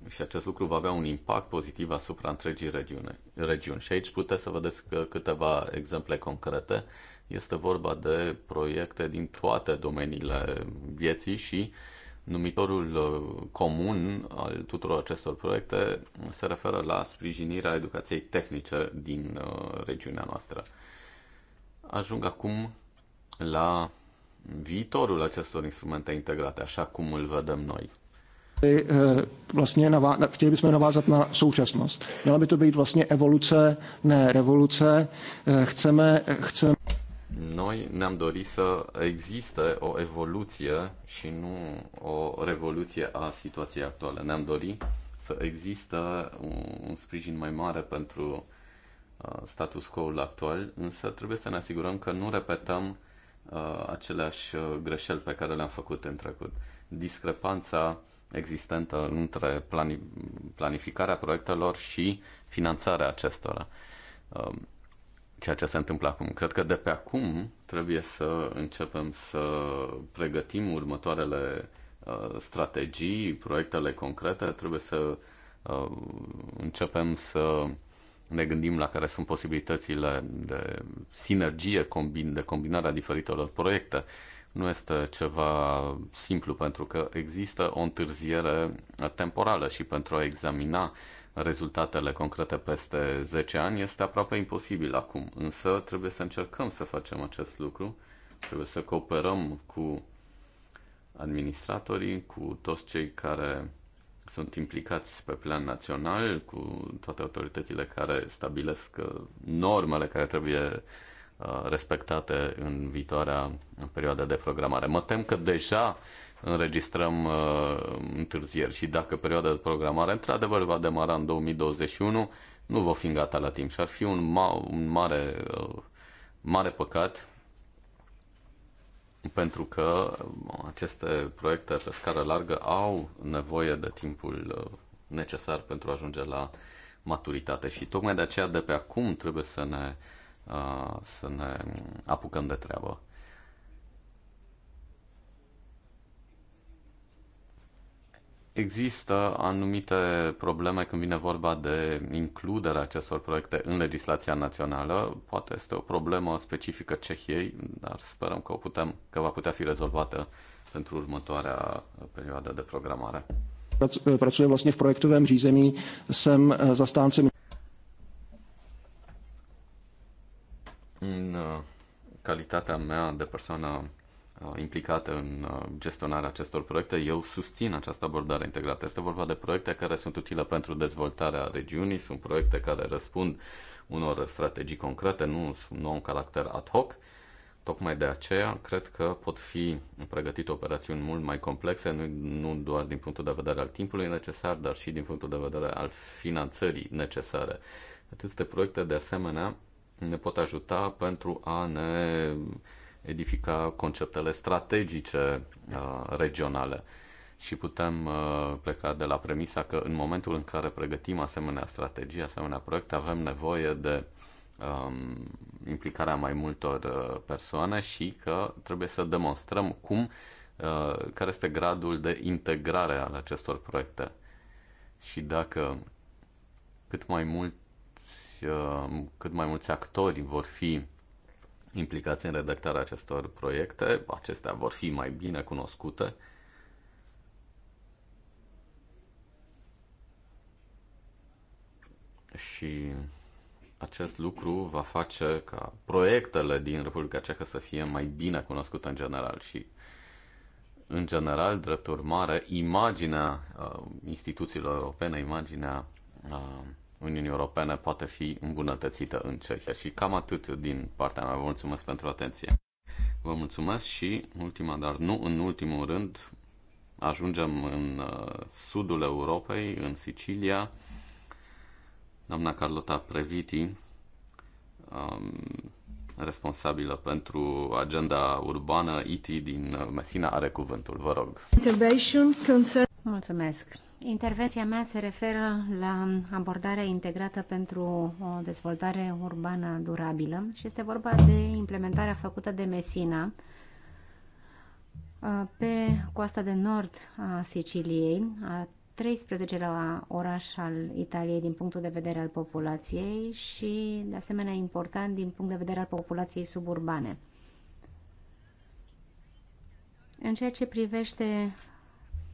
și acest lucru va avea un impact pozitiv asupra întregii regiune, regiuni. Și aici puteți să vedeți că câteva exemple concrete. Este vorba de proiecte din toate domeniile vieții și uh, Numitorul uh, comun al tuturor acestor proiecte se referă la sprijinirea educației tehnice din uh, regiunea noastră. Ajung acum la viitorul acestor instrumente integrate, așa cum îl vedem noi. Eh, vlastně navá... chtěli bychom navázat na současnost. Měla by to být vlastně evoluce, ne revoluce. Eh, chceme, chceme noi ne-am dorit să existe o evoluție și nu o revoluție a situației actuale. Ne-am dorit să există un, un sprijin mai mare pentru uh, status quo-ul actual, însă trebuie să ne asigurăm că nu repetăm uh, aceleași uh, greșeli pe care le-am făcut în trecut. Discrepanța existentă între plani- planificarea proiectelor și finanțarea acestora. Uh, ceea ce se întâmplă acum. Cred că de pe acum trebuie să începem să pregătim următoarele uh, strategii, proiectele concrete, trebuie să uh, începem să ne gândim la care sunt posibilitățile de sinergie, de combinarea diferitelor proiecte. Nu este ceva simplu pentru că există o întârziere temporală și pentru a examina rezultatele concrete peste 10 ani este aproape imposibil acum, însă trebuie să încercăm să facem acest lucru, trebuie să cooperăm cu administratorii, cu toți cei care sunt implicați pe plan național, cu toate autoritățile care stabilesc uh, normele care trebuie uh, respectate în viitoarea perioadă de programare. Mă tem că deja înregistrăm uh, întârzieri și dacă perioada de programare într-adevăr va demara în 2021, nu vă fi gata la timp și ar fi un, ma- un mare, uh, mare păcat pentru că uh, aceste proiecte pe scară largă au nevoie de timpul uh, necesar pentru a ajunge la maturitate și tocmai de aceea de pe acum trebuie să ne, uh, să ne apucăm de treabă. Există anumite probleme când vine vorba de includerea acestor proiecte în legislația națională. Poate este o problemă specifică Cehiei, dar sperăm că, o putem, că va putea fi rezolvată pentru următoarea perioadă de programare. Pracuję vlastně v projektovém řízení, jsem zastáncem. calitatea mea de persoană Uh, implicate în uh, gestionarea acestor proiecte, eu susțin această abordare integrată. Este vorba de proiecte care sunt utile pentru dezvoltarea regiunii, sunt proiecte care răspund unor strategii concrete, nu, nu au un caracter ad hoc. Tocmai de aceea cred că pot fi pregătite operațiuni mult mai complexe, nu, nu doar din punctul de vedere al timpului necesar, dar și din punctul de vedere al finanțării necesare. Aceste proiecte, de asemenea, ne pot ajuta pentru a ne edifica conceptele strategice uh, regionale și putem uh, pleca de la premisa că în momentul în care pregătim asemenea strategii, asemenea proiecte, avem nevoie de um, implicarea mai multor uh, persoane și că trebuie să demonstrăm cum, uh, care este gradul de integrare al acestor proiecte. Și dacă cât mai mulți, uh, cât mai mulți actori vor fi implicați în redactarea acestor proiecte. Acestea vor fi mai bine cunoscute. Și acest lucru va face ca proiectele din Republica Cehă să fie mai bine cunoscute în general și în general, drept urmare, imaginea uh, instituțiilor europene, imaginea uh, Uniunii Europene poate fi îmbunătățită în Cehia. Și cam atât din partea mea. Vă mulțumesc pentru atenție. Vă mulțumesc și, ultima, dar nu în ultimul rând, ajungem în uh, sudul Europei, în Sicilia. Doamna Carlota Previti, um, responsabilă pentru agenda urbană IT din Messina, are cuvântul. Vă rog. Mulțumesc. Intervenția mea se referă la abordarea integrată pentru o dezvoltare urbană durabilă și este vorba de implementarea făcută de Messina uh, pe coasta de nord a Siciliei, a 13-lea oraș al Italiei din punctul de vedere al populației și, de asemenea, important din punct de vedere al populației suburbane. În ceea ce privește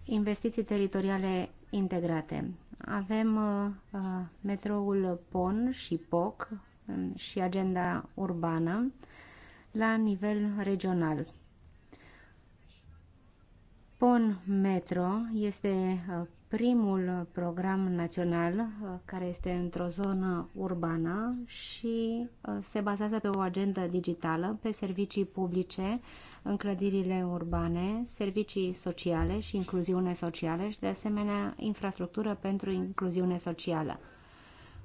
investiții teritoriale integrate. Avem uh, uh metroul PON și POC um, și agenda urbană la nivel regional. PON Metro este uh, primul program național uh, care este într-o zonă urbană și se bazează pe o agendă digitală, pe servicii publice, uh, în clădirile urbane, servicii sociale și incluziune socială și, de asemenea, infrastructură pentru incluziune socială.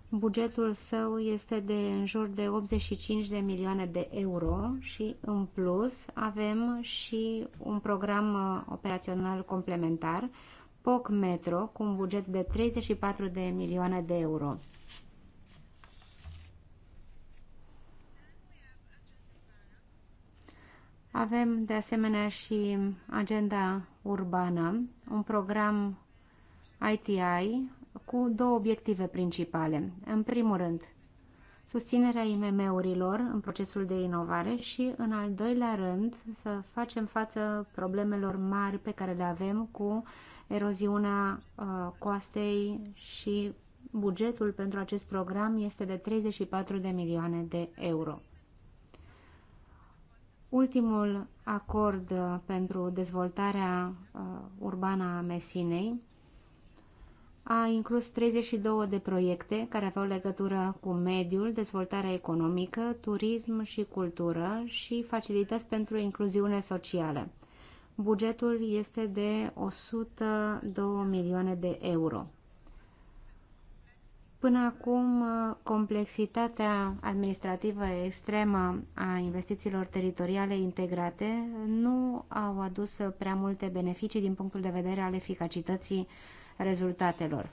Bugetul său este de în jur de 85 de milioane de euro și, în plus, avem și un program uh, operațional complementar, POC Metro, cu un buget de 34 de milioane de euro. Avem de asemenea și agenda urbană, un program ITI cu două obiective principale. În primul rând, susținerea IMM-urilor în procesul de inovare și, în al doilea rând, să facem față problemelor mari pe care le avem cu eroziunea uh, coastei și bugetul pentru acest program este de 34 de milioane de euro. Ultimul acord uh, pentru dezvoltarea uh, urbană a Mesinei a inclus 32 de proiecte care aveau legătură cu mediul, dezvoltarea economică, turism și cultură și facilități pentru incluziune socială. Bugetul este de 102 milioane de euro. Până acum, uh, complexitatea administrativă extremă a investițiilor teritoriale integrate nu au adus prea multe beneficii din punctul de vedere al eficacității rezultatelor.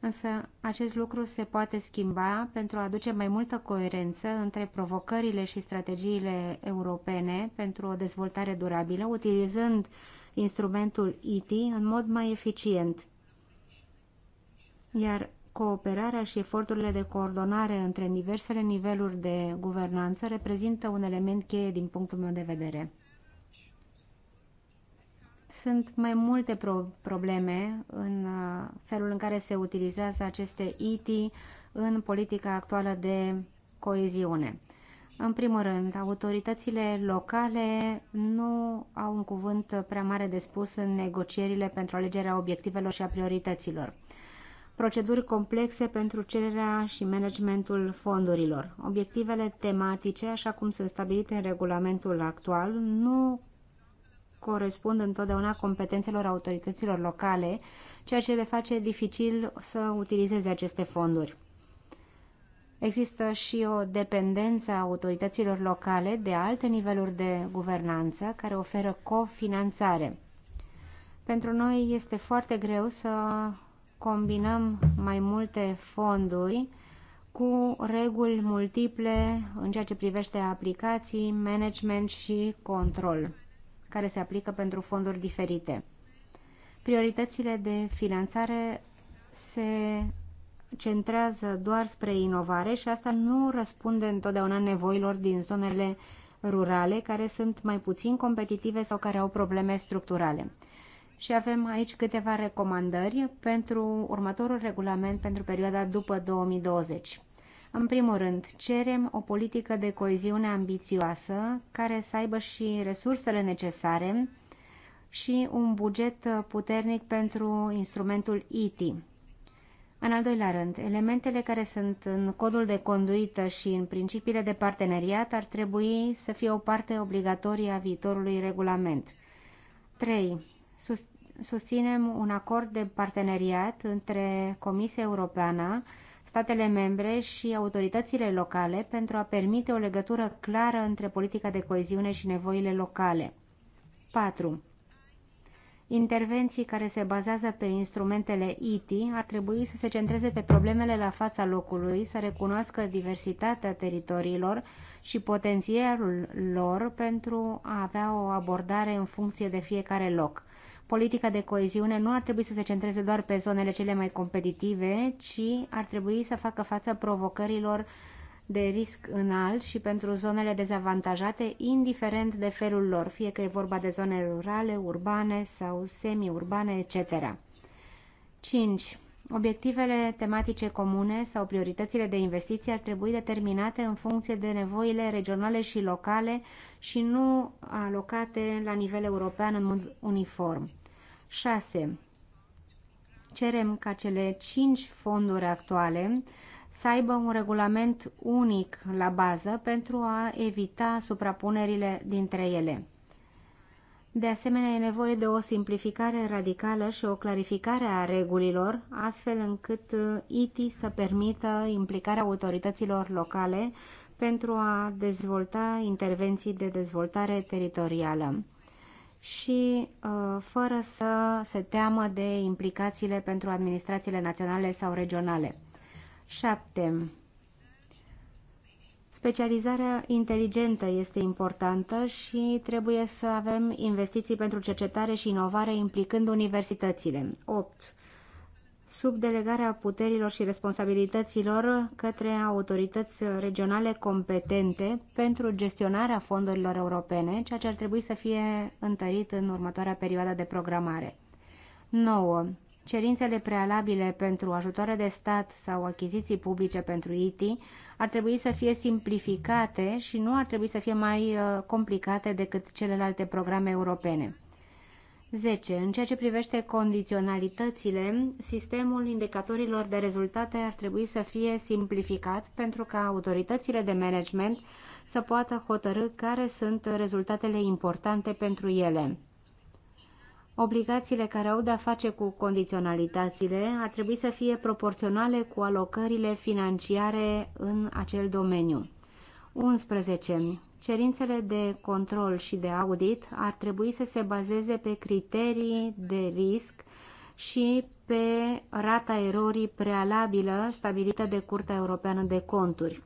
Însă, acest lucru se poate schimba pentru a aduce mai multă coerență între provocările și strategiile europene pentru o dezvoltare durabilă, utilizând instrumentul IT în mod mai eficient iar cooperarea și eforturile de coordonare între diversele niveluri de guvernanță reprezintă un element cheie din punctul meu de vedere. Sunt mai multe pro probleme în uh, felul în care se utilizează aceste IT în politica actuală de coeziune. În primul rând, autoritățile locale nu au un cuvânt prea mare de spus în negocierile pentru alegerea obiectivelor și a priorităților proceduri complexe pentru cererea și managementul fondurilor. Obiectivele tematice, așa cum sunt stabilite în regulamentul actual, nu corespund întotdeauna competențelor autorităților locale, ceea ce le face dificil să utilizeze aceste fonduri. Există și o dependență a autorităților locale de alte niveluri de guvernanță care oferă cofinanțare. Pentru noi este foarte greu să combinăm mai multe fonduri cu reguli multiple în ceea ce privește aplicații, management și control, care se aplică pentru fonduri diferite. Prioritățile de finanțare se centrează doar spre inovare și asta nu răspunde întotdeauna nevoilor din zonele rurale care sunt mai puțin competitive sau care au probleme structurale și avem aici câteva recomandări pentru următorul regulament pentru perioada după 2020. În primul rând, cerem o politică de coeziune ambițioasă care să aibă și resursele necesare și un buget puternic pentru instrumentul IT. În al doilea rând, elementele care sunt în codul de conduită și în principiile de parteneriat ar trebui să fie o parte obligatorie a viitorului regulament. 3 sus, susținem un acord de parteneriat între Comisia Europeană, statele membre și autoritățile locale pentru a permite o legătură clară între politica de coeziune și nevoile locale. 4. Intervenții care se bazează pe instrumentele ITI ar trebui să se centreze pe problemele la fața locului, să recunoască diversitatea teritoriilor și potențialul lor pentru a avea o abordare în funcție de fiecare loc politica de coeziune nu ar trebui să se centreze doar pe zonele cele mai competitive, ci ar trebui să facă față provocărilor de risc înalt și pentru zonele dezavantajate, indiferent de felul lor, fie că e vorba de zone rurale, urbane sau semi-urbane, etc. 5. Obiectivele tematice comune sau prioritățile de investiții ar trebui determinate în funcție de nevoile regionale și locale și nu alocate la nivel european în mod uniform. 6. Cerem ca cele 5 fonduri actuale să aibă un regulament unic la bază pentru a evita suprapunerile dintre ele. De asemenea, e nevoie de o simplificare radicală și o clarificare a regulilor, astfel încât ITI uh, să permită implicarea autorităților locale pentru a dezvolta intervenții de dezvoltare teritorială și uh, fără să se teamă de implicațiile pentru administrațiile naționale sau regionale. 7. Specializarea inteligentă este importantă și trebuie să avem investiții pentru cercetare și inovare implicând universitățile. 8 subdelegarea puterilor și responsabilităților către autorități regionale competente pentru gestionarea fondurilor europene, ceea ce ar trebui să fie întărit în următoarea perioadă de programare. 9. Cerințele prealabile pentru ajutoare de stat sau achiziții publice pentru IT ar trebui să fie simplificate și nu ar trebui să fie mai uh, complicate decât celelalte programe europene. 10. În ceea ce privește condiționalitățile, sistemul indicatorilor de rezultate ar trebui să fie simplificat pentru ca autoritățile de management să poată hotărâ care sunt rezultatele importante pentru ele. Obligațiile care au de-a face cu condiționalitățile ar trebui să fie proporționale cu alocările financiare în acel domeniu. 11. Cerințele de control și de audit ar trebui să se bazeze pe criterii de risc și pe rata erorii prealabilă stabilită de Curtea Europeană de Conturi.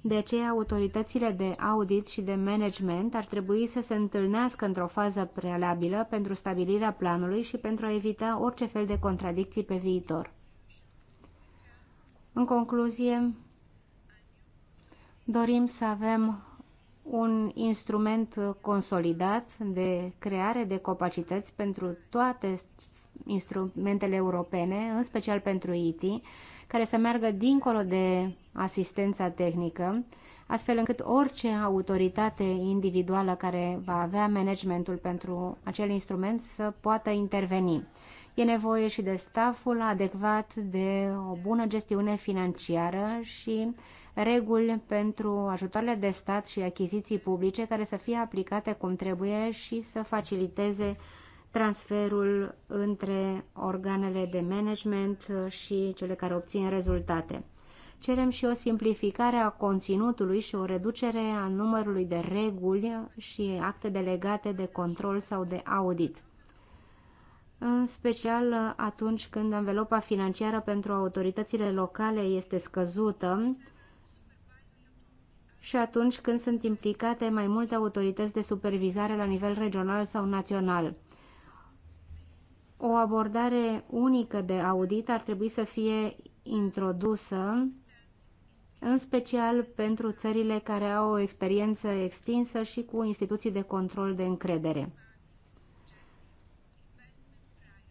De aceea, autoritățile de audit și de management ar trebui să se întâlnească într-o fază prealabilă pentru stabilirea planului și pentru a evita orice fel de contradicții pe viitor. În concluzie, Dorim să avem un instrument consolidat de creare de capacități pentru toate instrumentele europene, în special pentru IT, care să meargă dincolo de asistența tehnică, astfel încât orice autoritate individuală care va avea managementul pentru acel instrument să poată interveni. E nevoie și de staful adecvat, de o bună gestiune financiară și reguli pentru ajutoarele de stat și achiziții publice care să fie aplicate cum trebuie și să faciliteze transferul între organele de management și cele care obțin rezultate. Cerem și o simplificare a conținutului și o reducere a numărului de reguli și acte delegate de control sau de audit în special atunci când anvelopa financiară pentru autoritățile locale este scăzută și atunci când sunt implicate mai multe autorități de supervizare la nivel regional sau național. O abordare unică de audit ar trebui să fie introdusă, în special pentru țările care au o experiență extinsă și cu instituții de control de încredere.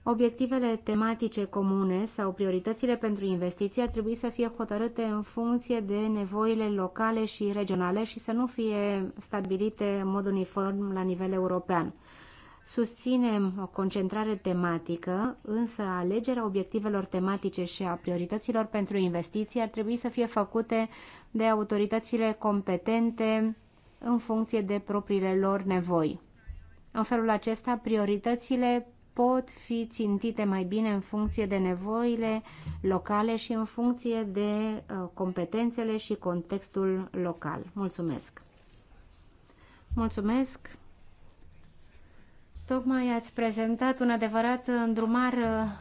Obiectivele tematice comune sau prioritățile pentru investiții ar trebui să fie hotărâte în funcție de nevoile locale și regionale și să nu fie stabilite în mod uniform la nivel european. Susținem o concentrare tematică, însă alegerea obiectivelor tematice și a priorităților pentru investiții ar trebui să fie făcute de autoritățile competente în funcție de propriile lor nevoi. În felul acesta, prioritățile pot fi țintite mai bine în funcție de nevoile locale și în funcție de uh, competențele și contextul local. Mulțumesc! Mulțumesc! Tocmai ați prezentat un adevărat îndrumar uh,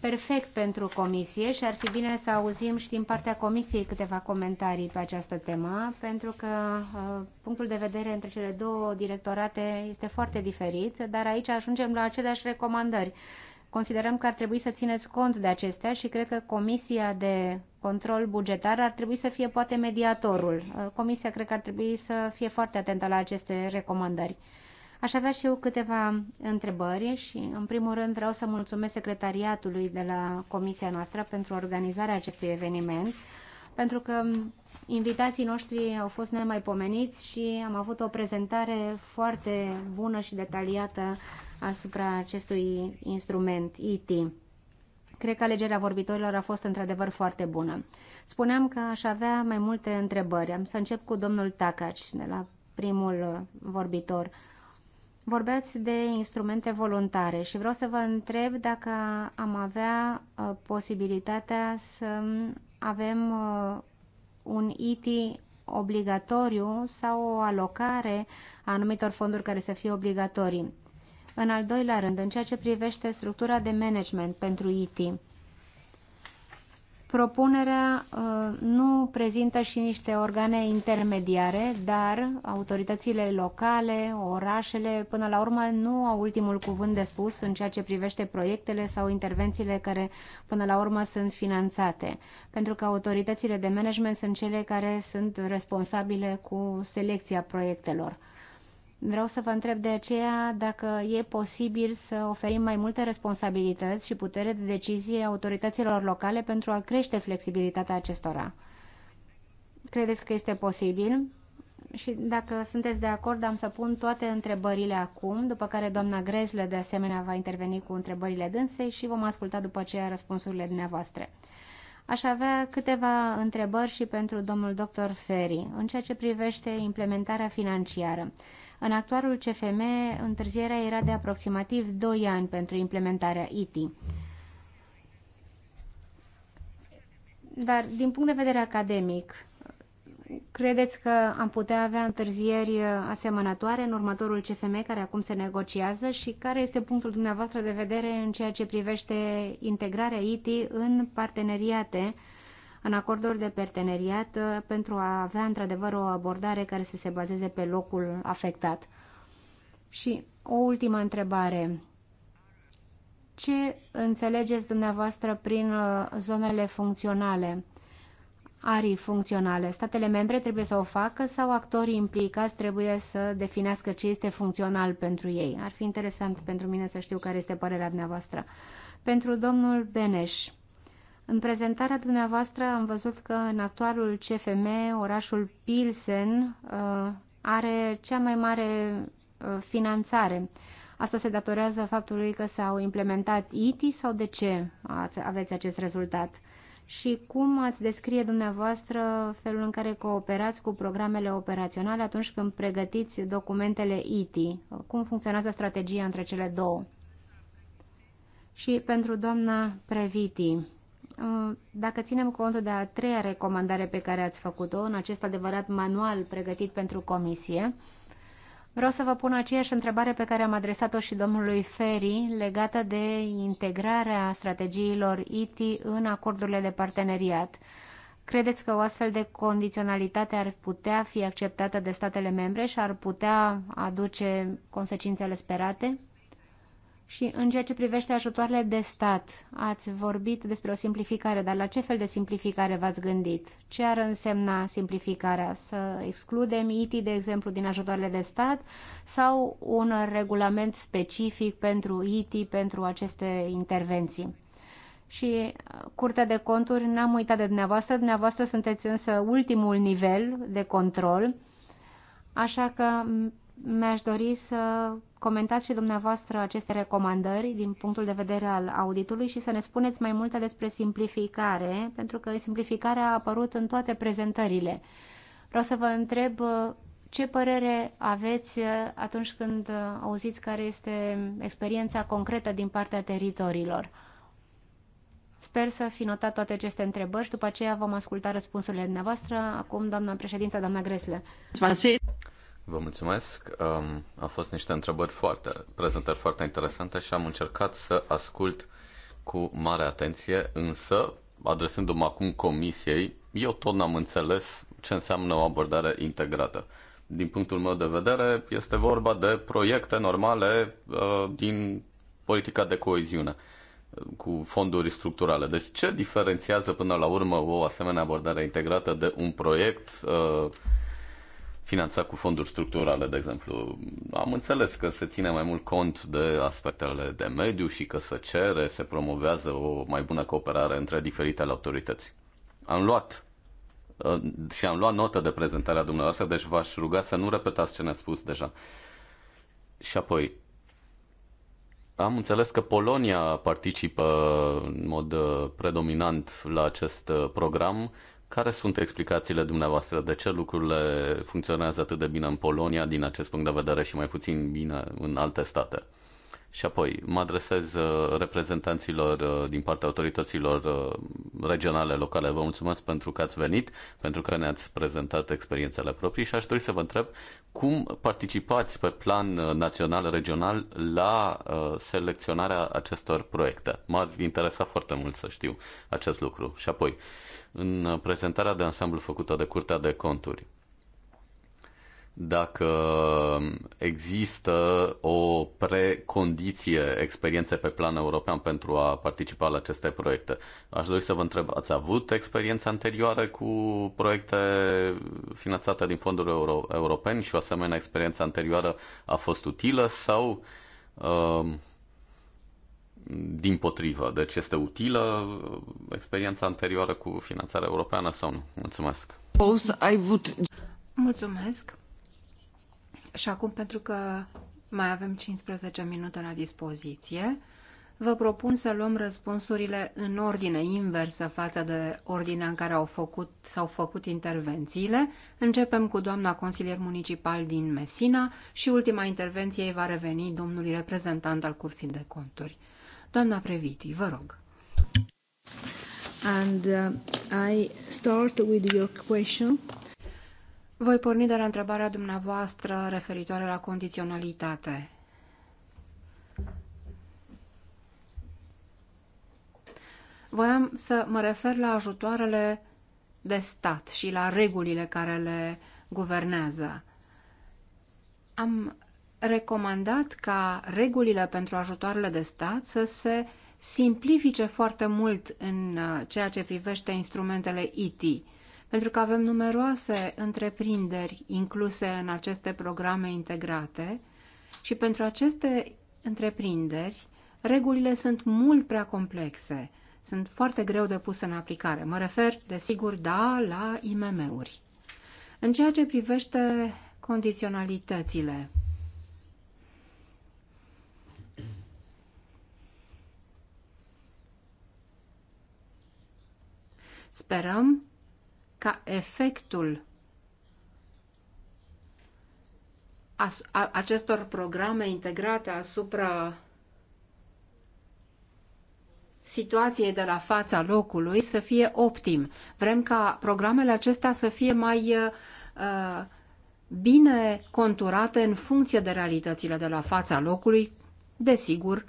perfect pentru comisie și ar fi bine să auzim și din partea comisiei câteva comentarii pe această temă, pentru că uh, punctul de vedere între cele două directorate este foarte diferit, dar aici ajungem la aceleași recomandări. Considerăm că ar trebui să țineți cont de acestea și cred că Comisia de Control Bugetar ar trebui să fie poate mediatorul. Uh, comisia cred că ar trebui să fie foarte atentă la aceste recomandări. Aș avea și eu câteva întrebări și, în primul rând, vreau să mulțumesc secretariatului de la comisia noastră pentru organizarea acestui eveniment, pentru că invitații noștri au fost nemaipomeniți și am avut o prezentare foarte bună și detaliată asupra acestui instrument IT. Cred că alegerea vorbitorilor a fost într-adevăr foarte bună. Spuneam că aș avea mai multe întrebări. Am să încep cu domnul Tacaci, de la primul vorbitor. Uh, Vorbeați de instrumente voluntare și vreau să vă întreb dacă am avea uh, posibilitatea să avem uh, un IT obligatoriu sau o alocare a anumitor fonduri care să fie obligatorii. În al doilea rând, în ceea ce privește structura de management pentru IT, Propunerea uh, nu prezintă și niște organe intermediare, dar autoritățile locale, orașele, până la urmă, nu au ultimul cuvânt de spus în ceea ce privește proiectele sau intervențiile care, până la urmă, sunt finanțate. Pentru că autoritățile de management sunt cele care sunt responsabile cu selecția proiectelor. Vreau să vă întreb de aceea dacă e posibil să oferim mai multe responsabilități și putere de decizie autorităților locale pentru a crește flexibilitatea acestora. Credeți că este posibil? Și dacă sunteți de acord, am să pun toate întrebările acum, după care doamna Grezle de asemenea va interveni cu întrebările dânsei și vom asculta după aceea răspunsurile dumneavoastră. Aș avea câteva întrebări și pentru domnul dr. Ferry în ceea ce privește implementarea financiară. În actualul CFM, întârzierea era de aproximativ 2 ani pentru implementarea ITI. Dar, din punct de vedere academic, credeți că am putea avea întârzieri asemănătoare în următorul CFM care acum se negociază și care este punctul dumneavoastră de vedere în ceea ce privește integrarea IT în parteneriate în acorduri de parteneriat uh, pentru a avea într-adevăr o abordare care să se bazeze pe locul afectat. Și o ultimă întrebare. Ce înțelegeți dumneavoastră prin uh, zonele funcționale? arii funcționale. Statele membre trebuie să o facă sau actorii implicați trebuie să definească ce este funcțional pentru ei. Ar fi interesant pentru mine să știu care este părerea dumneavoastră. Pentru domnul Beneș, în prezentarea dumneavoastră am văzut că în actualul CFM, orașul Pilsen uh, are cea mai mare uh, finanțare. Asta se datorează faptului că s-au implementat ITI sau de ce aveți acest rezultat? Și cum ați descrie dumneavoastră felul în care cooperați cu programele operaționale atunci când pregătiți documentele ITI? Cum funcționează strategia între cele două? Și pentru doamna Previti, Uh, dacă ținem cont de a treia recomandare pe care ați făcut-o în acest adevărat manual pregătit pentru comisie, vreau să vă pun aceeași întrebare pe care am adresat-o și domnului Ferry legată de integrarea strategiilor IT în acordurile de parteneriat. Credeți că o astfel de condiționalitate ar putea fi acceptată de statele membre și ar putea aduce consecințele sperate? Și în ceea ce privește ajutoarele de stat, ați vorbit despre o simplificare, dar la ce fel de simplificare v-ați gândit? Ce ar însemna simplificarea? Să excludem ITI de exemplu, din ajutoarele de stat sau un regulament specific pentru ITI pentru aceste intervenții? și uh, Curtea de Conturi, n-am uitat de dumneavoastră, dumneavoastră sunteți însă ultimul nivel de control, așa că mi-aș dori să comentați și dumneavoastră aceste recomandări din punctul de vedere al auditului și să ne spuneți mai multe despre simplificare, pentru că simplificarea a apărut în toate prezentările. Vreau să vă întreb uh, ce părere aveți uh, atunci când uh, auziți care este experiența concretă din partea teritoriilor? Sper să fi notat toate aceste întrebări și după aceea vom asculta răspunsurile dumneavoastră. Acum, doamna președintă, doamna Gresle. Vă mulțumesc. Um, au fost niște întrebări foarte, prezentări foarte interesante și am încercat să ascult cu mare atenție, însă, adresându-mă acum comisiei, eu tot n-am înțeles ce înseamnă o abordare integrată. Din punctul meu de vedere, este vorba de proiecte normale uh, din politica de coeziune cu fonduri structurale. Deci ce diferențiază până la urmă o asemenea abordare integrată de un proiect uh, finanțat cu fonduri structurale, de exemplu. Am înțeles că se ține mai mult cont de aspectele de mediu și că se cere, se promovează o mai bună cooperare între diferitele autorități. Am luat uh, și am luat notă de prezentarea dumneavoastră, deci v-aș ruga să nu repetați ce ne-ați spus deja. Și apoi, am înțeles că Polonia participă în mod uh, predominant la acest uh, program. Care sunt explicațiile dumneavoastră de ce lucrurile funcționează atât de bine în Polonia din acest punct de vedere și mai puțin bine în alte state? Și apoi mă adresez uh, reprezentanților uh, din partea autorităților uh, regionale, locale. Vă mulțumesc pentru că ați venit, pentru că ne-ați prezentat experiențele proprii și aș dori să vă întreb cum participați pe plan național, regional la selecționarea acestor proiecte. M-ar interesa foarte mult să știu acest lucru. Și apoi, în prezentarea de ansamblu făcută de Curtea de Conturi. Dacă există o precondiție experiențe pe plan european pentru a participa la aceste proiecte, aș dori să vă întreb, ați avut experiență anterioară cu proiecte finanțate din fonduri euro- europeni și o asemenea experiență anterioară a fost utilă sau uh, din potrivă. Deci este utilă uh, experiența anterioară cu finanțarea europeană sau nu? Mulțumesc! Mulțumesc! Și acum, pentru că mai avem 15 minute la dispoziție, vă propun să luăm răspunsurile în ordine inversă față de ordinea în care au făcut, s-au făcut intervențiile. Începem cu doamna consilier municipal din Messina și ultima intervenție va reveni domnului reprezentant al Curții de Conturi. Doamna Previti, vă rog. And uh, I start with your question. Voi porni de la întrebarea dumneavoastră referitoare la condiționalitate. Voiam să mă refer la ajutoarele de stat și la regulile care le guvernează. Am recomandat ca regulile pentru ajutoarele de stat să se simplifice foarte mult în uh, ceea ce privește instrumentele IT, pentru că avem numeroase întreprinderi incluse în aceste programe integrate și pentru aceste întreprinderi regulile sunt mult prea complexe, sunt foarte greu de pus în aplicare. Mă refer, desigur, da, la IMM-uri. În ceea ce privește condiționalitățile, Sperăm ca efectul acestor programe integrate asupra situației de la fața locului să fie optim. Vrem ca programele acestea să fie mai uh, uh bine conturate în funcție de realitățile de la fața locului, desigur,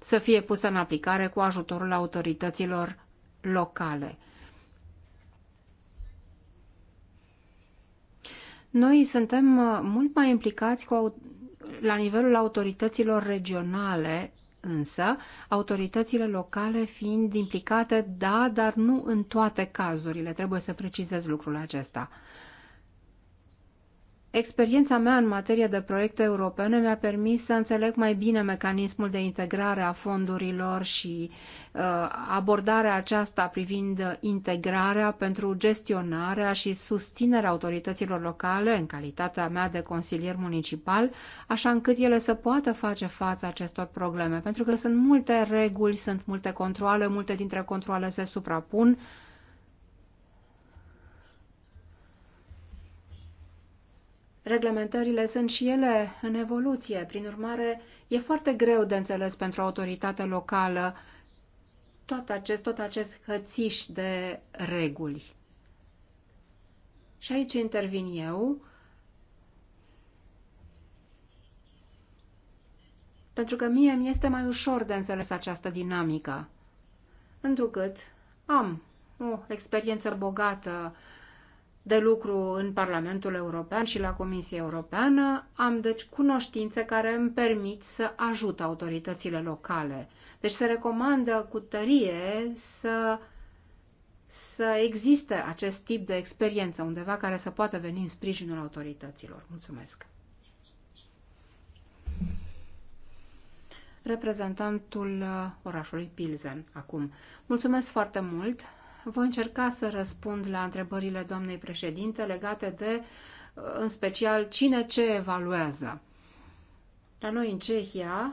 să fie pusă în aplicare cu ajutorul autorităților locale. Noi suntem uh, mult mai implicați cu, la nivelul autorităților regionale, însă, autoritățile locale fiind implicate, da, dar nu în toate cazurile. Trebuie să precizez lucrul acesta. Experiența mea în materie de proiecte europene mi-a permis să înțeleg mai bine mecanismul de integrare a fondurilor și uh, abordarea aceasta privind integrarea pentru gestionarea și susținerea autorităților locale în calitatea mea de consilier municipal, așa încât ele să poată face față acestor probleme, pentru că sunt multe reguli, sunt multe controle, multe dintre controle se suprapun, uh, Reglementările sunt și ele în evoluție, prin urmare e foarte greu de înțeles pentru autoritatea locală tot acest, tot acest hățiș de reguli. Și aici intervin eu, pentru că mie mi este mai ușor de înțeles această dinamică, întrucât am o experiență bogată de lucru în Parlamentul European și la Comisia Europeană, am deci cunoștințe care îmi permit să ajut autoritățile locale. Deci se recomandă cu tărie să, să existe acest tip de experiență undeva care să poată veni în sprijinul autorităților. Mulțumesc! Reprezentantul uh, orașului Pilzen acum. Mulțumesc foarte mult! voi încerca să răspund la întrebările doamnei președinte legate de, uh, în special, cine ce evaluează. La noi în Cehia,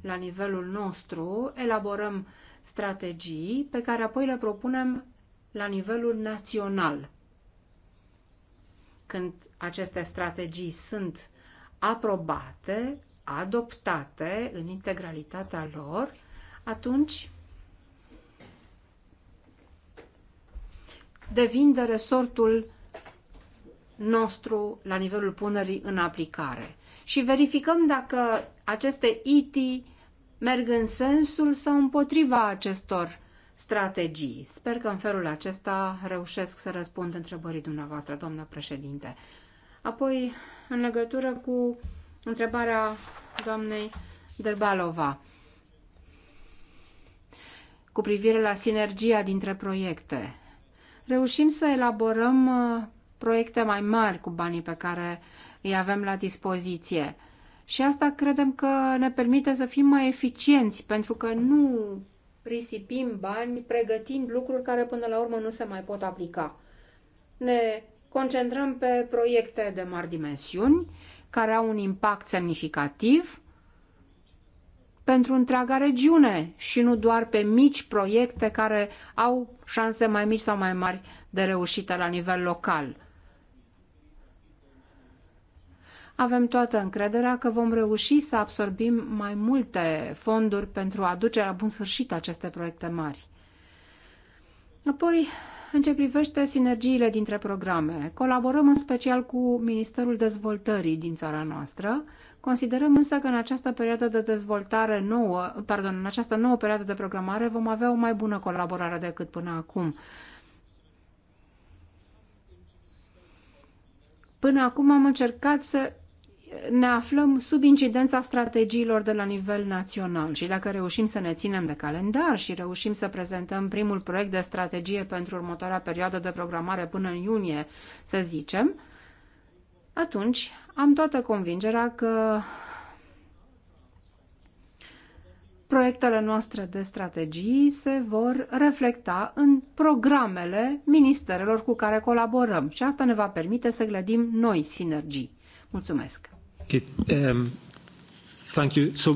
la nivelul nostru, elaborăm strategii pe care apoi le propunem la nivelul național. Când aceste strategii sunt aprobate, adoptate în integralitatea lor, atunci devin de resortul nostru la nivelul punerii în aplicare și verificăm dacă aceste IT merg în sensul sau împotriva acestor strategii. Sper că în felul acesta reușesc să răspund întrebării dumneavoastră, doamnă președinte. Apoi, în legătură cu întrebarea doamnei Derbalova cu privire la sinergia dintre proiecte reușim să elaborăm uh, proiecte mai mari cu banii pe care îi avem la dispoziție. Și asta credem că ne permite să fim mai eficienți, pentru că nu risipim bani pregătind lucruri care până la urmă nu se mai pot aplica. Ne concentrăm pe proiecte de mari dimensiuni, care au un impact semnificativ pentru întreaga regiune și nu doar pe mici proiecte care au șanse mai mici sau mai mari de reușită la nivel local. Avem toată încrederea că vom reuși să absorbim mai multe fonduri pentru a duce la bun sfârșit aceste proiecte mari. Apoi, în ce privește sinergiile dintre programe, colaborăm în special cu Ministerul Dezvoltării din țara noastră, Considerăm însă că în această perioadă de dezvoltare nouă, pardon, în această nouă perioadă de programare vom avea o mai bună colaborare decât până acum. Până acum am încercat să ne aflăm sub incidența strategiilor de la nivel național și dacă reușim să ne ținem de calendar și reușim să prezentăm primul proiect de strategie pentru următoarea perioadă de programare până în iunie, să zicem, atunci am toată convingerea că proiectele noastre de strategii se vor reflecta în programele ministerelor cu care colaborăm și asta ne va permite să clădim noi sinergii. Mulțumesc! Okay. Um, thank you. So,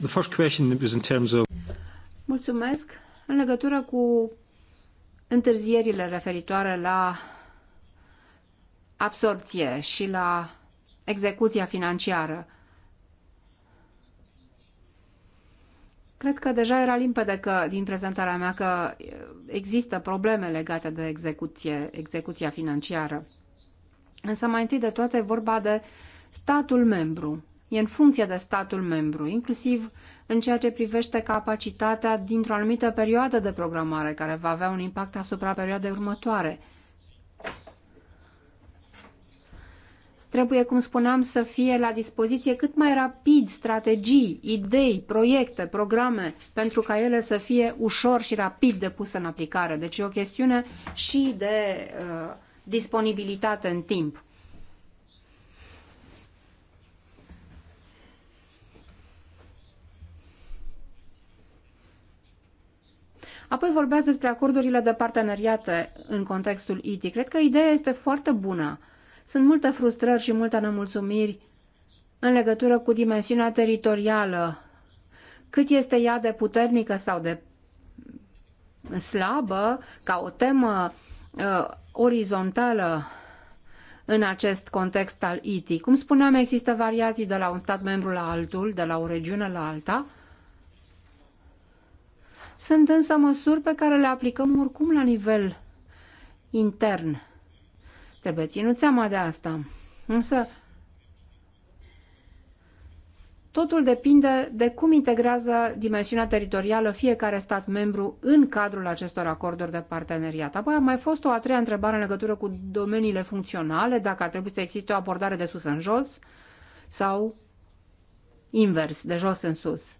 the first question was in terms of... Mulțumesc! În legătură cu întârzierile referitoare la absorpție și la execuția financiară. Cred că deja era limpede că, din prezentarea mea că există probleme legate de execuție, execuția financiară. Însă mai întâi de toate e vorba de statul membru. E în funcție de statul membru, inclusiv în ceea ce privește capacitatea dintr-o anumită perioadă de programare, care va avea un impact asupra perioadei următoare – Trebuie, cum spuneam, să fie la dispoziție cât mai rapid strategii, idei, proiecte, programe, pentru ca ele să fie ușor și rapid depuse în aplicare. Deci e o chestiune și de uh, disponibilitate în timp. Apoi vorbeați despre acordurile de parteneriate în contextul IT. Cred că ideea este foarte bună. Uh, sunt multe frustrări și multe nemulțumiri în legătură cu dimensiunea teritorială. Cât este ea de puternică sau de slabă ca o temă uh, orizontală în acest context al IT. Cum spuneam, există variații de la un stat membru la altul, de la o regiune la alta. Sunt însă măsuri pe care le aplicăm oricum la nivel intern Trebuie ținut seama de asta. Însă, totul depinde de cum integrează dimensiunea teritorială fiecare stat membru în cadrul acestor acorduri de parteneriat. Apoi a mai fost o a treia întrebare în legătură cu domeniile funcționale, dacă ar trebui să existe o abordare de sus în jos sau invers, de jos în sus.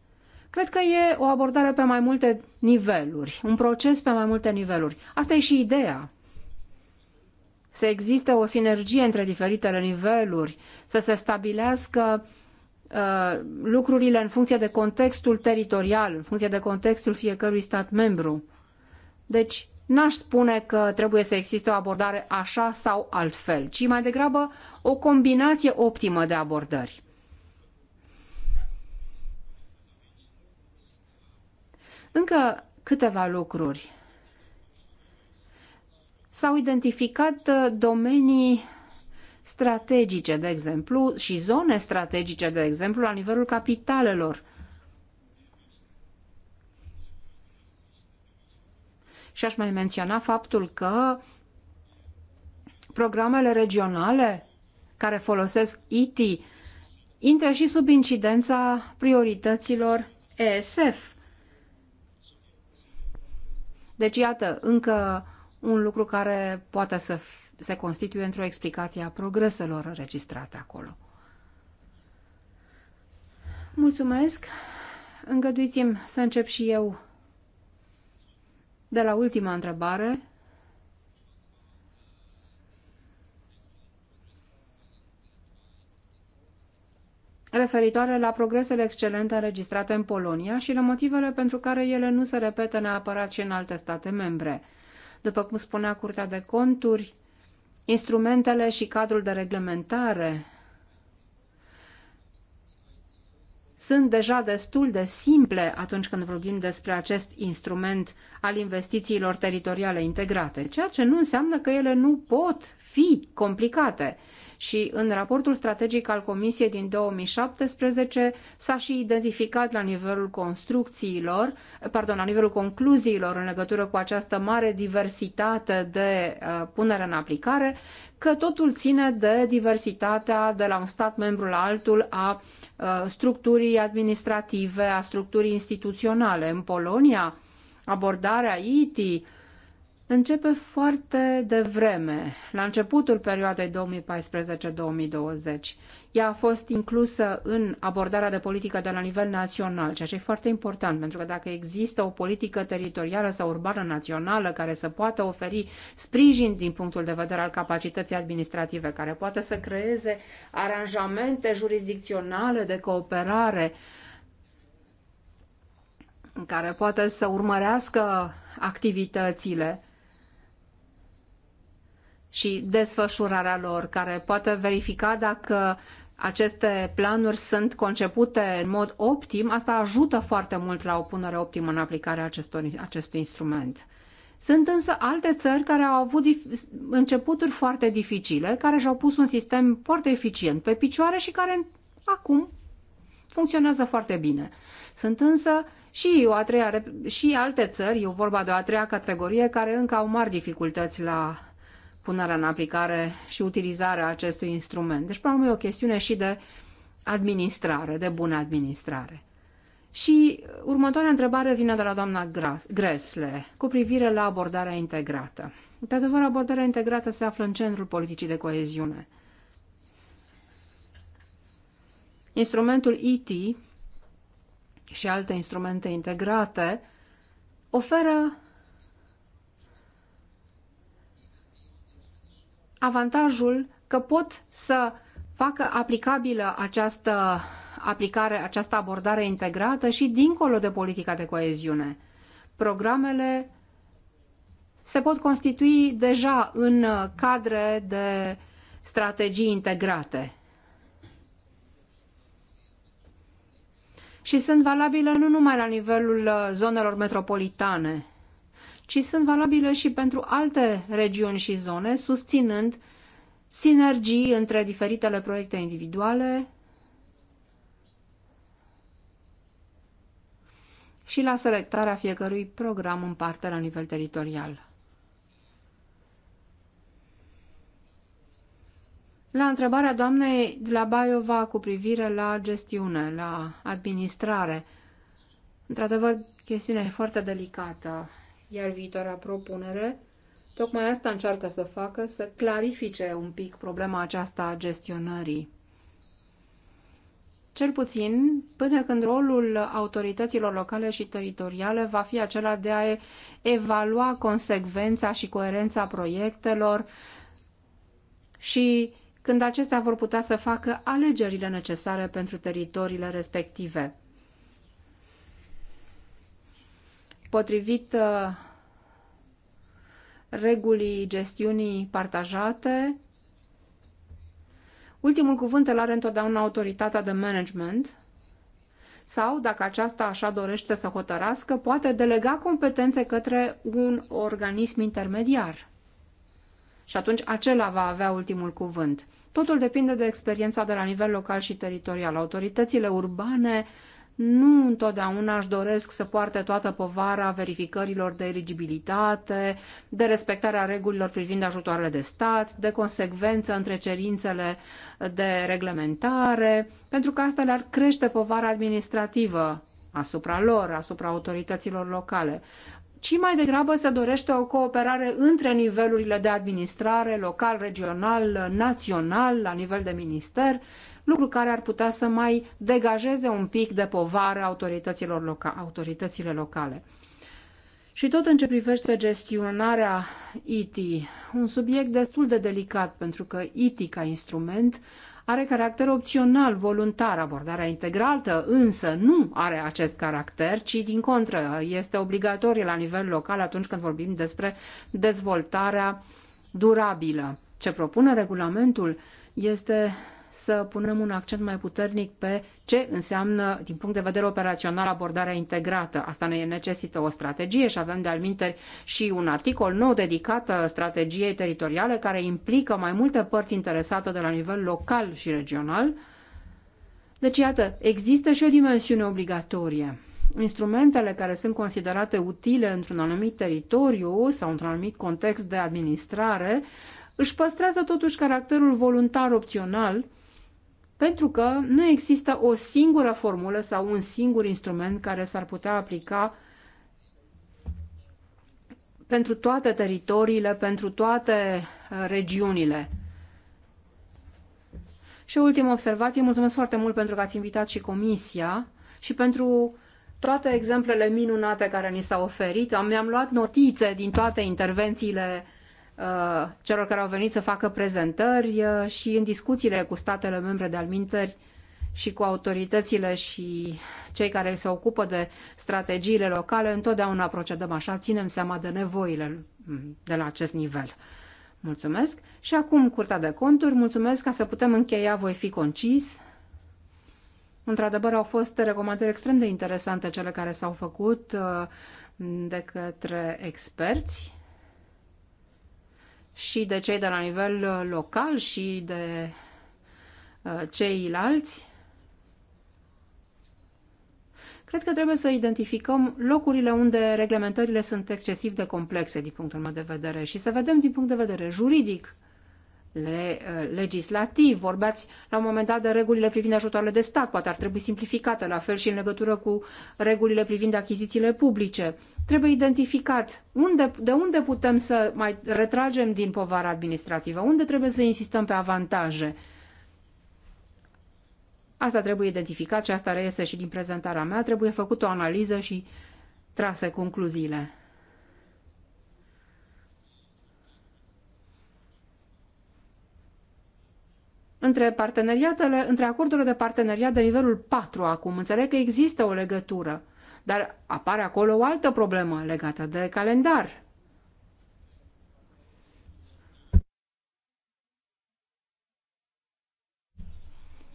Cred că e o abordare pe mai multe niveluri, un proces pe mai multe niveluri. Asta e și ideea să existe o sinergie între diferitele niveluri, să se stabilească uh, lucrurile în funcție de contextul teritorial, în funcție de contextul fiecărui stat membru. Deci, n-aș spune că trebuie să existe o abordare așa sau altfel, ci mai degrabă o combinație optimă de abordări. Încă câteva lucruri s-au identificat uh, domenii strategice, de exemplu, și zone strategice, de exemplu, la nivelul capitalelor. Și aș mai menționa faptul că programele regionale care folosesc IT intră și sub incidența priorităților ESF. Deci, iată, încă un lucru care poate să se constituie într-o explicație a progreselor înregistrate acolo. Mulțumesc! Îngăduiți-mi să încep și eu de la ultima întrebare. referitoare la progresele excelente înregistrate în Polonia și la motivele pentru care ele nu se repetă neapărat și în alte state membre – după cum spunea Curtea de Conturi, instrumentele și cadrul de reglementare sunt deja destul de simple atunci când vorbim despre acest instrument al investițiilor teritoriale integrate, ceea ce nu înseamnă că ele nu pot fi complicate. Și în raportul strategic al Comisiei din 2017 s-a și identificat la nivelul construcțiilor, pardon, la nivelul concluziilor în legătură cu această mare diversitate de uh, punere în aplicare, că totul ține de diversitatea de la un stat membru la altul a uh, structurii administrative, a structurii instituționale. În Polonia, abordarea ITI începe foarte devreme, la începutul perioadei 2014-2020. Ea a fost inclusă în abordarea de politică de la nivel național, ceea ce e foarte important, pentru că dacă există o politică teritorială sau urbană națională care să poată oferi sprijin din punctul de vedere al capacității administrative, care poate să creeze aranjamente jurisdicționale de cooperare, uh, care poate să urmărească activitățile și desfășurarea lor, care poate verifica dacă aceste planuri sunt concepute în mod optim, asta ajută foarte mult la o punere optimă în aplicarea acestor, acestui instrument. Sunt însă alte țări care au avut începuturi foarte dificile, care și-au pus un sistem foarte eficient pe picioare și care acum funcționează foarte bine. Sunt însă și, o a treia, și alte țări, e vorba de o a treia categorie, care încă au mari dificultăți la punerea în aplicare și utilizarea acestui instrument. Deci, până la urmă, e o chestiune și de administrare, de bună administrare. Și următoarea întrebare vine de la doamna Gresle, cu privire la abordarea integrată. De adevăr, abordarea integrată se află în centrul politicii de coeziune – Instrumentul IT și alte instrumente integrate oferă avantajul că pot să facă aplicabilă această aplicare, această abordare integrată și dincolo de politica de coeziune. Programele se pot constitui deja în cadre de strategii integrate. și sunt valabile nu numai la nivelul uh, zonelor metropolitane, ci sunt valabile și pentru alte regiuni și zone, susținând sinergii între diferitele proiecte individuale și la selectarea fiecărui program în parte la nivel teritorial. La întrebarea doamnei Baiova cu privire la gestiune, la administrare, într-adevăr, chestiunea e foarte delicată, iar viitoarea propunere tocmai asta încearcă să facă, să clarifice un pic problema aceasta a gestionării. Cel puțin până când rolul autorităților locale și teritoriale va fi acela de a evalua consecvența și coerența proiectelor și când acestea vor putea să facă alegerile necesare pentru teritoriile respective. Potrivit uh, regulii gestiunii partajate, ultimul cuvânt îl are întotdeauna autoritatea de management sau, dacă aceasta așa dorește să hotărască, poate delega competențe către un organism intermediar. Și atunci acela va avea ultimul cuvânt. Totul depinde de experiența de la nivel local și teritorial. Autoritățile urbane nu întotdeauna își doresc să poarte toată povara verificărilor de eligibilitate, de respectarea regulilor privind ajutoarele de stat, de consecvență între cerințele de reglementare, pentru că asta le-ar crește povara administrativă asupra lor, asupra autorităților locale ci mai degrabă se dorește o cooperare între nivelurile de administrare, local, regional, național, la nivel de minister, lucru care ar putea să mai degajeze un pic de povară autorităților loca- autoritățile locale. Și tot în ce privește gestionarea IT, un subiect destul de delicat, pentru că IT ca instrument are caracter opțional, voluntar. Abordarea integrală însă nu are acest caracter, ci din contră este obligatorie la nivel local atunci când vorbim despre dezvoltarea durabilă. Ce propune regulamentul este să punem un accent mai puternic pe ce înseamnă, din punct de vedere operațional, abordarea integrată. Asta ne necesită o strategie și avem de-al și un articol nou dedicat uh, strategiei teritoriale care implică mai multe părți interesate de la nivel local și regional. Deci, iată, există și o dimensiune obligatorie instrumentele care sunt considerate utile într-un anumit teritoriu sau într-un anumit context de administrare își păstrează totuși caracterul voluntar opțional pentru că nu există o singură formulă sau un singur instrument care s-ar putea aplica pentru toate teritoriile, pentru toate uh, regiunile. Și o ultimă observație, mulțumesc foarte mult pentru că ați invitat și comisia și pentru toate exemplele minunate care ni s-au oferit. Mi-am luat notițe din toate intervențiile uh, Uh, celor care au venit să facă prezentări uh, și în discuțiile cu statele membre de almintări și cu autoritățile și cei care se ocupă de strategiile locale, întotdeauna procedăm așa, ținem seama de nevoile de la acest nivel. Mulțumesc. Și acum, Curtea de Conturi, mulțumesc ca să putem încheia, voi fi concis. Într-adevăr, au fost recomandări extrem de interesante cele care s-au făcut uh, de către experți și de cei de la nivel uh, local și de uh, ceilalți, cred că trebuie să identificăm locurile unde reglementările sunt excesiv de complexe din punctul meu de vedere și să vedem din punct de vedere juridic le, uh, legislativ. Vorbeați la un moment dat de regulile privind ajutoarele de stat, poate ar trebui simplificate, la fel și în legătură cu regulile privind achizițiile publice. Trebuie identificat unde, de unde putem să mai retragem din povara administrativă, unde trebuie să insistăm pe avantaje. Asta trebuie identificat și asta reiese și din prezentarea mea. Trebuie făcut o analiză și trase concluziile. între parteneriatele, între acordurile de parteneriat de nivelul 4 acum. Înțeleg că există o legătură, dar apare acolo o altă problemă legată de calendar.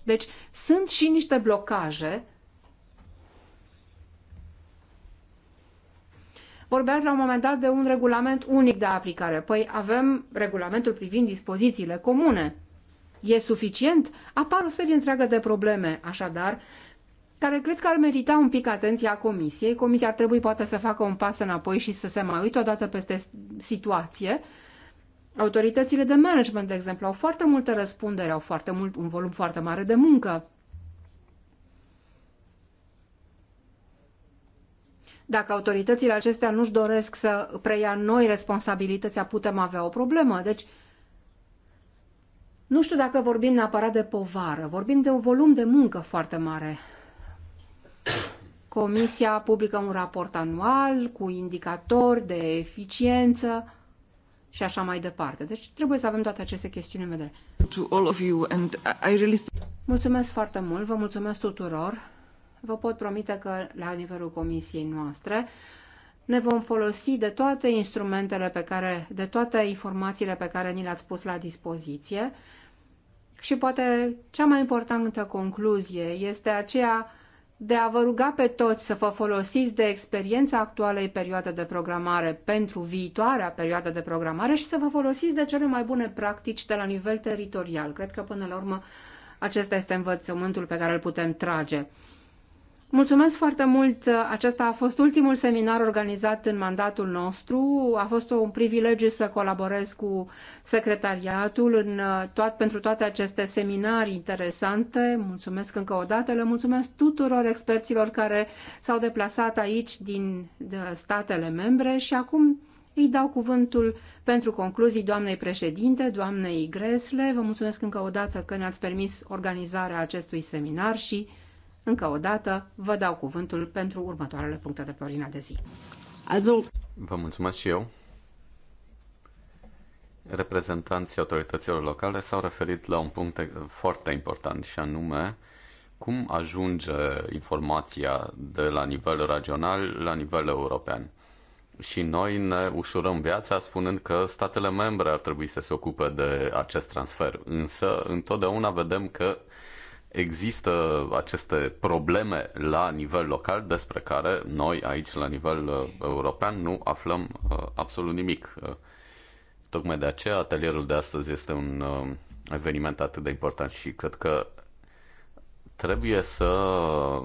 Deci sunt și niște blocaje. Vorbeam la un moment dat de un regulament unic de aplicare. Păi avem regulamentul privind dispozițiile comune e suficient? Apar o serie întreagă de probleme, așadar, care cred că ar merita un pic atenția comisiei. Comisia ar trebui poate să facă un pas înapoi și să se mai uite odată peste situație. Autoritățile de management, de exemplu, au foarte multă răspundere, au foarte mult, un volum foarte mare de muncă. Dacă autoritățile acestea nu-și doresc să preia noi responsabilități, putem avea o problemă. Deci, nu știu dacă vorbim neapărat de povară, vorbim de un volum de muncă foarte mare. Comisia publică un raport anual cu indicatori de eficiență și așa mai departe. Deci trebuie să avem toate aceste chestiuni în vedere. To all of you and I really... Mulțumesc foarte mult, vă mulțumesc tuturor. Vă pot promite că la nivelul comisiei noastre ne vom folosi de toate instrumentele pe care, de toate informațiile pe care ni le-ați pus la dispoziție și poate cea mai importantă concluzie este aceea de a vă ruga pe toți să vă folosiți de experiența actualei perioade de programare pentru viitoarea perioadă de programare și să vă folosiți de cele mai bune practici de la nivel teritorial. Cred că până la urmă acesta este învățământul pe care îl putem trage. Mulțumesc foarte mult! Acesta a fost ultimul seminar organizat în mandatul nostru. A fost un privilegiu să colaborez cu secretariatul în toat, pentru toate aceste seminari interesante. Mulțumesc încă o dată, le mulțumesc tuturor experților care s-au deplasat aici din de statele membre și acum îi dau cuvântul pentru concluzii doamnei președinte, doamnei Gresle. Vă mulțumesc încă o dată că ne-ați permis organizarea acestui seminar și încă o dată, vă dau cuvântul pentru următoarele puncte de pe ordinea de zi. Also... Vă mulțumesc și eu. Reprezentanții autorităților locale s-au referit la un punct foarte important și anume cum ajunge informația de la nivel regional la nivel european. Și noi ne ușurăm viața spunând că statele membre ar trebui să se ocupe de acest transfer, însă întotdeauna vedem că există aceste probleme la nivel local despre care noi aici la nivel uh, european nu aflăm uh, absolut nimic. Uh, tocmai de aceea atelierul de astăzi este un eveniment atât de important și cred că trebuie să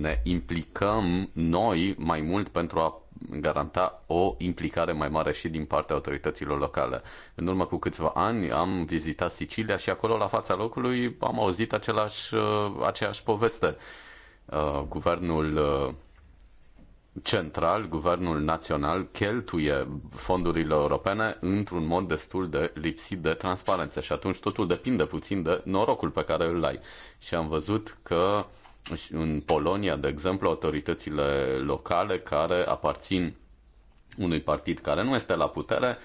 ne implicăm noi mai mult pentru a garanta o implicare mai mare și din partea autorităților locale. În urmă cu câțiva ani am vizitat Sicilia și acolo la fața locului am auzit același, uh, aceeași poveste. Uh, guvernul uh, central, guvernul național cheltuie fondurile europene într-un mod destul de lipsit de transparență și atunci totul depinde puțin de norocul pe care îl ai. Și am văzut că uh, în Polonia, de exemplu, autoritățile locale care aparțin unui partid care nu este la putere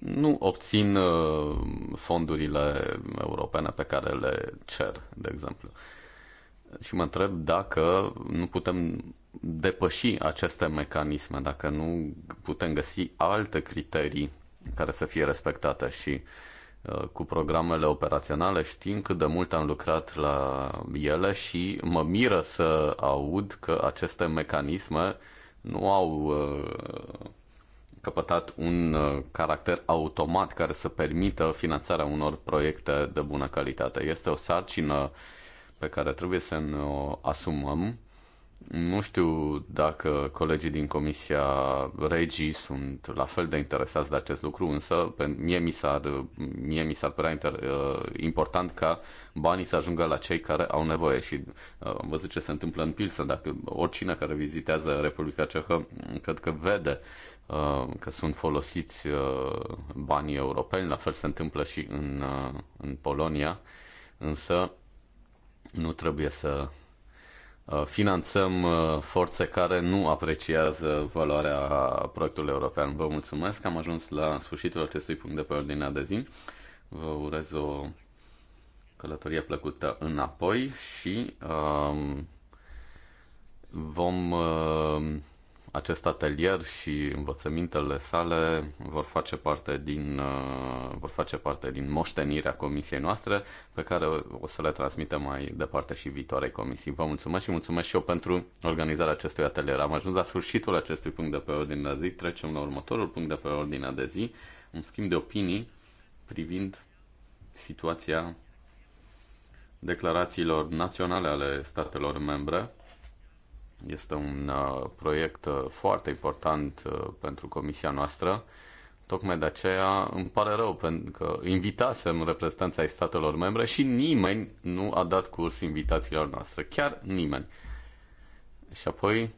nu obțin uh, fondurile europene pe care le cer, de exemplu. Și mă întreb dacă nu putem depăși aceste mecanisme, dacă nu putem găsi alte criterii care să fie respectate și uh, Uh, cu programele operaționale, știm cât de mult am lucrat la ele și mă miră să aud că aceste mecanisme nu au uh, căpătat un uh, caracter automat care să permită finanțarea unor proiecte de bună calitate. Este o sarcină pe care trebuie să ne o asumăm nu știu dacă colegii din Comisia Regii sunt la fel de interesați de acest lucru, însă mie mi s-ar, mie mi s-ar părea inter, uh, important ca banii să ajungă la cei care au nevoie. Și uh, am văzut ce se întâmplă în Pilsen, dacă oricine care vizitează Republica Cehă, cred că vede uh, că sunt folosiți banii europeni, la fel se întâmplă și în, în Polonia, însă nu trebuie să Uh, finanțăm uh, forțe care nu apreciază valoarea proiectului european. Vă mulțumesc, am ajuns la sfârșitul acestui punct de pe ordinea de zi. Vă urez o călătorie plăcută înapoi și um, vom uh, acest atelier și învățămintele sale vor face parte din, uh, vor face parte din moștenirea comisiei noastre, pe care o să le transmitem mai departe și viitoarei comisii. Vă mulțumesc și mulțumesc și eu pentru organizarea acestui atelier. Am ajuns la sfârșitul acestui punct de pe ordinea de zi. Trecem la următorul punct de pe ordinea de zi, un schimb de opinii privind situația declarațiilor naționale ale statelor membre este un uh, proiect uh, foarte important uh, pentru comisia noastră. Tocmai de aceea îmi pare rău pentru că invitasem reprezentanța ai statelor membre și nimeni nu a dat curs invitațiilor noastre. Chiar nimeni. Și apoi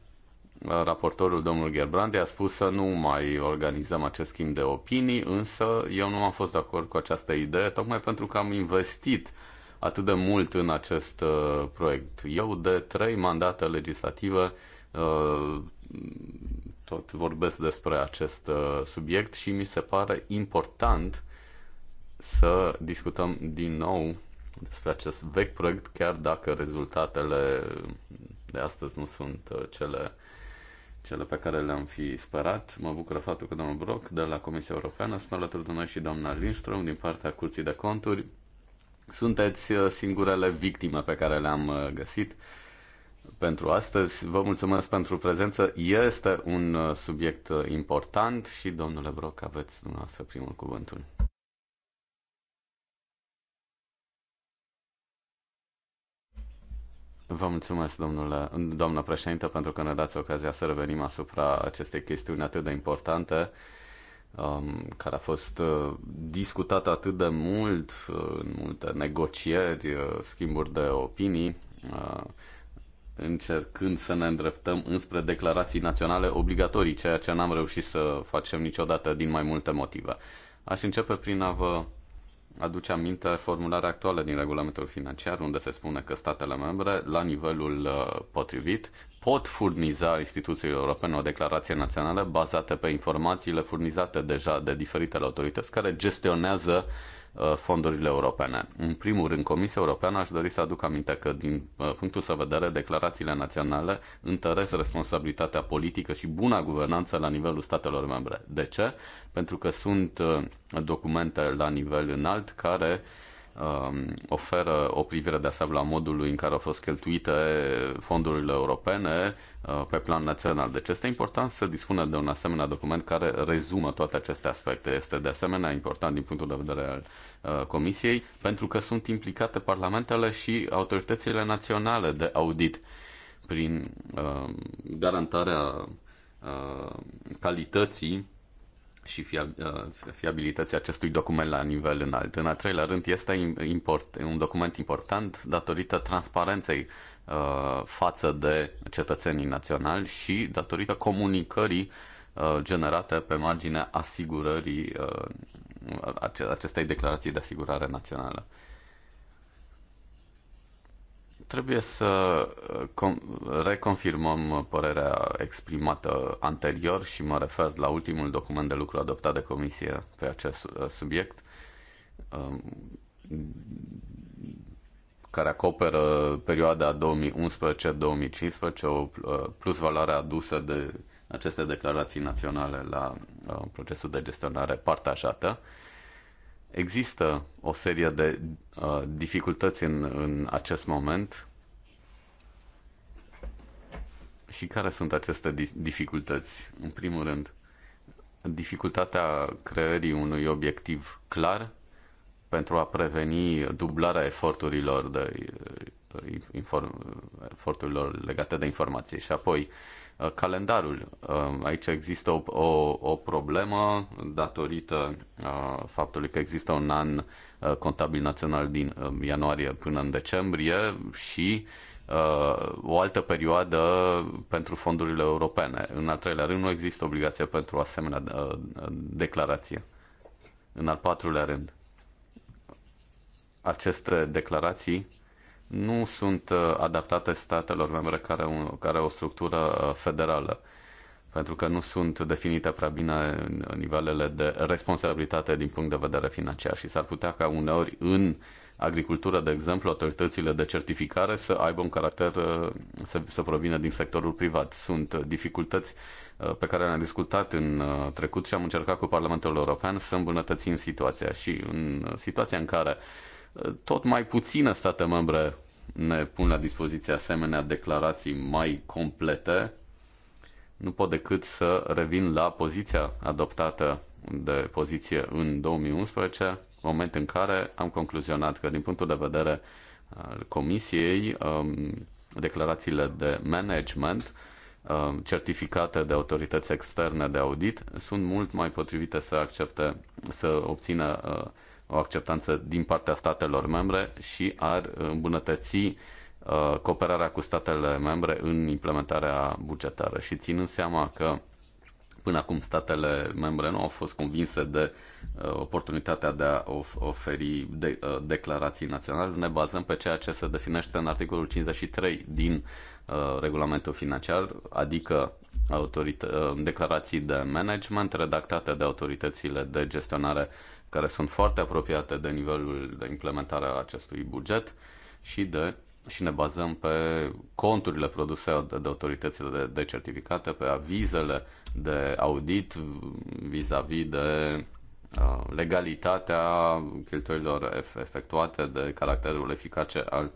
raportorul domnul Gerbrandi a spus să nu mai organizăm acest schimb de opinii, însă eu nu am fost de acord cu această idee, tocmai pentru că am investit uh, atât de mult în acest uh, proiect. Eu de trei mandate legislative uh, tot vorbesc despre acest uh, subiect și mi se pare important să discutăm din nou despre acest vechi proiect, chiar dacă rezultatele de astăzi nu sunt uh, cele, cele pe care le-am fi sperat. Mă bucură faptul că domnul Brock de la Comisia Europeană sunt alături de noi și doamna Lindström din partea Curții de Conturi sunteți uh, singurele victime pe care le-am uh, găsit pentru astăzi. Vă mulțumesc pentru prezență. Este un uh, subiect important și, domnule Broc, aveți dumneavoastră primul cuvântul. Vă mulțumesc, domnule, doamnă președintă, pentru că ne dați ocazia să revenim asupra acestei chestiuni atât de importante Um, care a fost uh, discutată atât de mult uh, în multe negocieri, uh, schimburi de opinii, încercând să ne îndreptăm înspre declarații naționale obligatorii, ceea ce n-am reușit să facem niciodată din mai multe motive. Aș începe prin a vă aduce aminte formularea actuală din regulamentul financiar, unde se spune că statele membre, la nivelul potrivit, pot furniza instituțiilor europene o declarație națională bazată pe informațiile furnizate deja de diferitele autorități care gestionează uh, fondurile europene. În primul rând, Comisia Europeană aș dori să aduc aminte că, din uh, punctul său de vedere, declarațiile naționale întăresc responsabilitatea politică și buna guvernanță la nivelul statelor membre. De ce? Pentru că sunt uh, documente la nivel înalt care uh, Um, oferă o privire de asemenea la modului în care au fost cheltuite fondurile europene uh, pe plan național. Deci este important să dispună de un asemenea document care rezumă toate aceste aspecte. Este de asemenea important din punctul de vedere al uh, Comisiei pentru că sunt implicate parlamentele și autoritățile naționale de audit prin uh, garantarea uh, calității și uh, fiabilității acestui document la nivel înalt. În al treilea rând, este import, un document important datorită transparenței uh, față de cetățenii naționali și datorită comunicării uh, generate pe marginea asigurării acestei declarații de asigurare națională. Trebuie să uh, reconfirmăm părerea exprimată anterior și mă refer la ultimul document de lucru adoptat de Comisie pe acest uh, subiect, um, care acoperă perioada 2011-2015, o uh, plus valoare adusă de aceste declarații naționale la procesul de gestionare partajată. Există o serie de uh, dificultăți în, în acest moment. Și care sunt aceste dificultăți? În primul rând, dificultatea creării unui obiectiv clar pentru a preveni dublarea eforturilor, de, uh, inform, eforturilor legate de informații și apoi uh, Uh, calendarul. Uh, aici există o, o, o problemă datorită uh, faptului că există un an contabil național din ianuarie până în decembrie și o altă perioadă pentru fondurile europene. În al treilea rând, nu există obligație pentru o asemenea declarație. În al patrulea rând, aceste declarații nu sunt uh, adaptate statelor membre care au, care au o structură uh, federală, pentru că nu sunt definite prea bine nivelele de responsabilitate din punct de vedere financiar și s-ar putea ca uneori în agricultură, de exemplu, autoritățile de certificare să aibă un caracter uh, să, să provină din sectorul privat. Sunt dificultăți pe care le-am discutat în trecut și am încercat cu Parlamentul European să îmbunătățim situația și în situația în care tot mai puține state membre ne pun la dispoziție asemenea declarații mai complete, nu pot decât să revin la poziția adoptată de poziție în 2011, moment în care am concluzionat că din punctul de vedere al Comisiei, um, declarațiile de management um, certificate de autorități externe de audit sunt mult mai potrivite să accepte, să obțină uh, o acceptanță din partea statelor membre și ar îmbunătăți uh, cooperarea cu statele membre în implementarea bugetară. Și ținând seama că până acum statele membre nu au fost convinse de uh, oportunitatea de a oferi de, uh, declarații naționale, ne bazăm pe ceea ce se definește în articolul 53 din regulamentul financiar, adică declarații de management redactate de autoritățile de gestionare care sunt foarte apropiate de nivelul de implementare a acestui buget și de și ne bazăm pe conturile produse de, de autoritățile de, de certificate, pe avizele de audit vis-a-vis -vis de legalitatea cheltuielor efectuate, de caracterul eficace al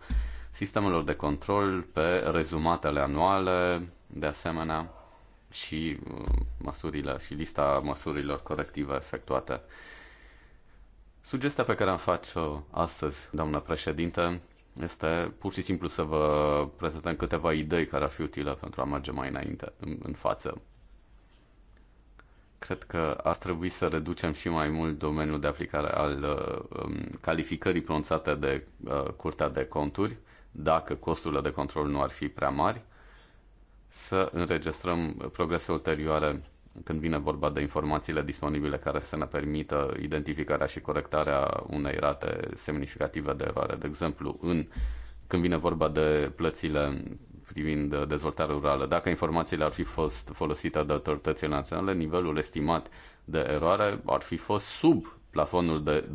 sistemelor de control, pe rezumatele anuale, de asemenea, și uh, măsurile și lista măsurilor corective efectuate. Sugestia pe care am face-o astăzi, doamna președinte, este pur și simplu să vă prezentăm câteva idei care ar fi utile pentru a merge mai înainte, în, în față. Cred că ar trebui să reducem și mai mult domeniul de aplicare al um, calificării pronunțate de uh, Curtea de Conturi, dacă costurile de control nu ar fi prea mari, să înregistrăm progrese ulterioare când vine vorba de informațiile disponibile care să ne permită identificarea și corectarea unei rate semnificative de eroare. De exemplu, în, când vine vorba de plățile privind dezvoltarea rurală, dacă informațiile ar fi fost folosite de autoritățile naționale, nivelul estimat de eroare ar fi fost sub plafonul de,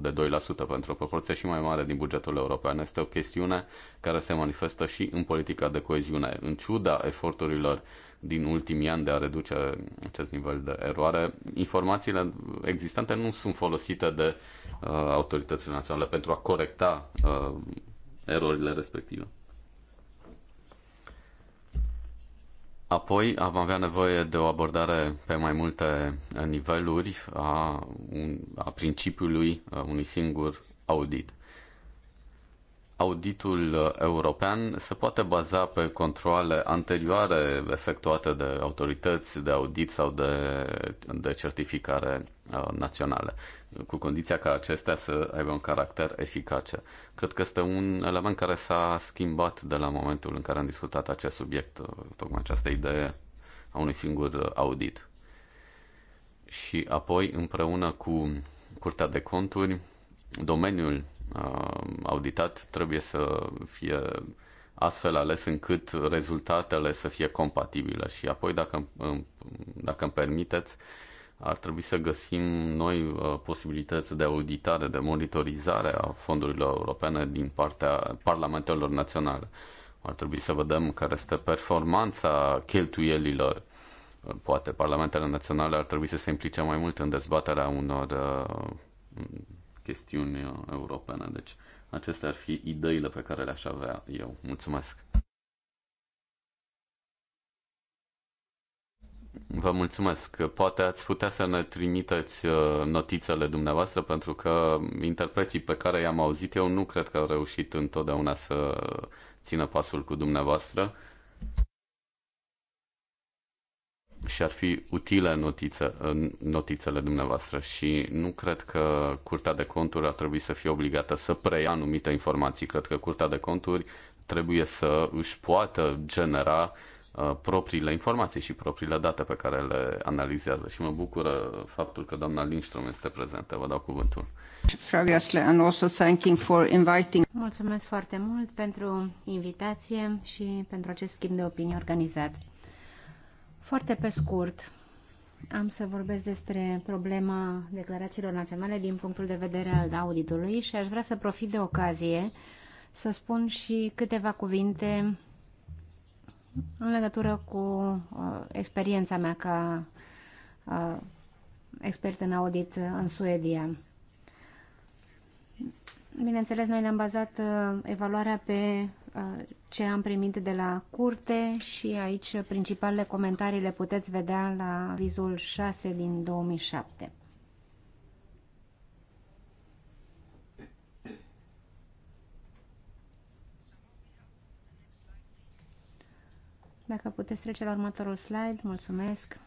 de 2% pentru o proporție și mai mare din bugetul european. Este o chestiune care se manifestă și în politica de coeziune. În ciuda eforturilor uh, din ultimii ani de a reduce acest nivel de eroare, informațiile existente nu sunt folosite de uh, autoritățile naționale pentru a corecta uh, erorile respective. Apoi am avea nevoie de o abordare pe mai multe niveluri a, un, a principiului unui singur audit auditul uh, european se poate baza pe controle anterioare efectuate de autorități de audit sau de, de certificare uh, naționale, cu condiția ca acestea să aibă un caracter eficace. Cred că este un element care s-a schimbat de la momentul în care am discutat acest subiect, uh, tocmai această idee a unui singur audit. Și apoi, împreună cu Curtea de Conturi, domeniul auditat trebuie să fie astfel ales încât rezultatele să fie compatibile și apoi, dacă, dacă îmi permiteți, ar trebui să găsim noi uh, posibilități de auditare, de monitorizare a fondurilor europene din partea parlamentelor naționale. Ar trebui să vedem care este performanța cheltuielilor. Uh, poate parlamentele naționale ar trebui să se implice mai mult în dezbaterea unor uh, chestiuni uh, europene. Deci acestea ar fi ideile pe care le-aș avea eu. Mulțumesc! Vă mulțumesc. Poate ați putea să ne trimiteți uh, notițele dumneavoastră, pentru că interpreții pe care i-am auzit eu nu cred că au reușit întotdeauna să țină pasul cu dumneavoastră și ar fi utile notițe, notițele dumneavoastră și nu cred că Curtea de Conturi ar trebui să fie obligată să preia anumite informații. Cred că Curtea de Conturi trebuie să își poată genera uh, propriile informații și propriile date pe care le analizează și mă bucură faptul că doamna Lindström este prezentă. Vă dau cuvântul. Mulțumesc foarte mult pentru invitație și pentru acest schimb de opinii organizat. Foarte pe scurt, am să vorbesc despre problema declarațiilor naționale din punctul de vedere al auditului și aș vrea să profit de ocazie să spun și câteva cuvinte în legătură cu uh, experiența mea ca uh, expert în audit în Suedia. Bineînțeles, noi ne-am bazat uh, evaluarea pe Uh, ce am primit de la curte și aici principalele comentarii le puteți vedea la vizul 6 din 2007. Dacă puteți trece la următorul slide, mulțumesc.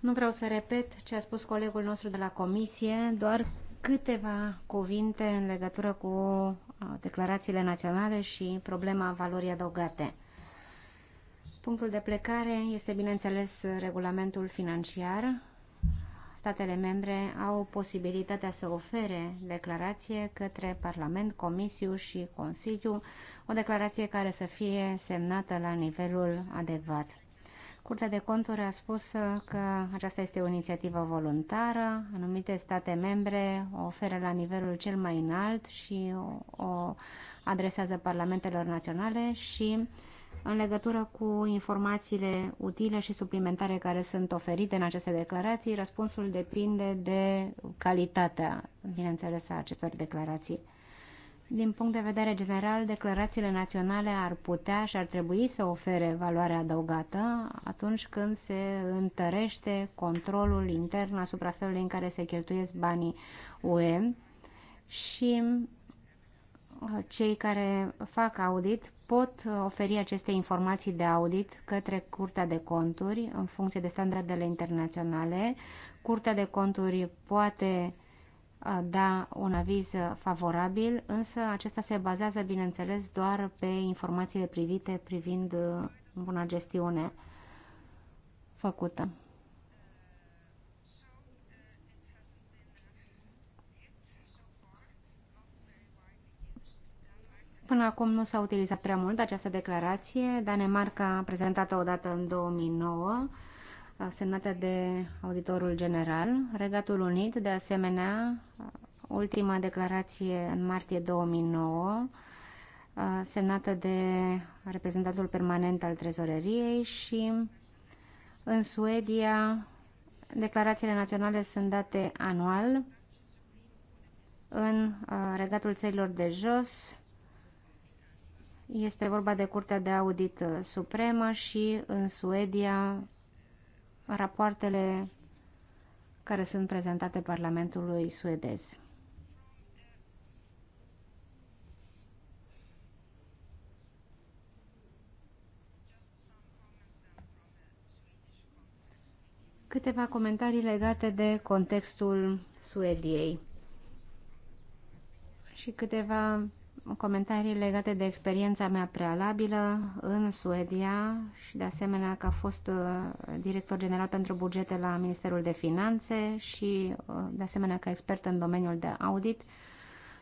Nu vreau să repet ce a spus colegul nostru de la comisie, doar câteva cuvinte în legătură cu Uh, declarațiile naționale și problema valorii adăugate. Punctul de plecare este, bineînțeles, regulamentul financiar. Statele membre au posibilitatea să ofere declarație către Parlament, Comisiu și Consiliu, o declarație care să fie semnată la nivelul adecvat. Curtea de conturi a spus că aceasta este o inițiativă voluntară, anumite state membre o oferă la nivelul cel mai înalt și o adresează parlamentelor naționale și în legătură cu informațiile utile și suplimentare care sunt oferite în aceste declarații, răspunsul depinde de calitatea, bineînțeles, a acestor declarații. Din punct de vedere general, declarațiile naționale ar putea și ar trebui să ofere valoare adăugată atunci când se întărește controlul intern asupra felului în care se cheltuiesc banii UE și uh, cei care fac audit pot oferi aceste informații de audit către Curtea de Conturi în funcție de standardele internaționale. Curtea de Conturi poate da un aviz favorabil, însă acesta se bazează, bineînțeles, doar pe informațiile privite privind uh, buna gestiune făcută. Până acum nu s-a utilizat prea mult această declarație. Danemarca a prezentat-o odată în 2009 semnate de auditorul general. Regatul Unit, de asemenea, ultima declarație în martie 2009, semnată de reprezentantul permanent al trezoreriei și în Suedia declarațiile naționale sunt date anual în regatul țărilor de jos, este vorba de Curtea de Audit Supremă și în Suedia rapoartele care sunt prezentate Parlamentului suedez. Câteva comentarii legate de contextul Suediei și câteva comentarii legate de experiența mea prealabilă în Suedia și de asemenea că a fost uh, director general pentru bugete la Ministerul de Finanțe și uh, de asemenea ca expert în domeniul de audit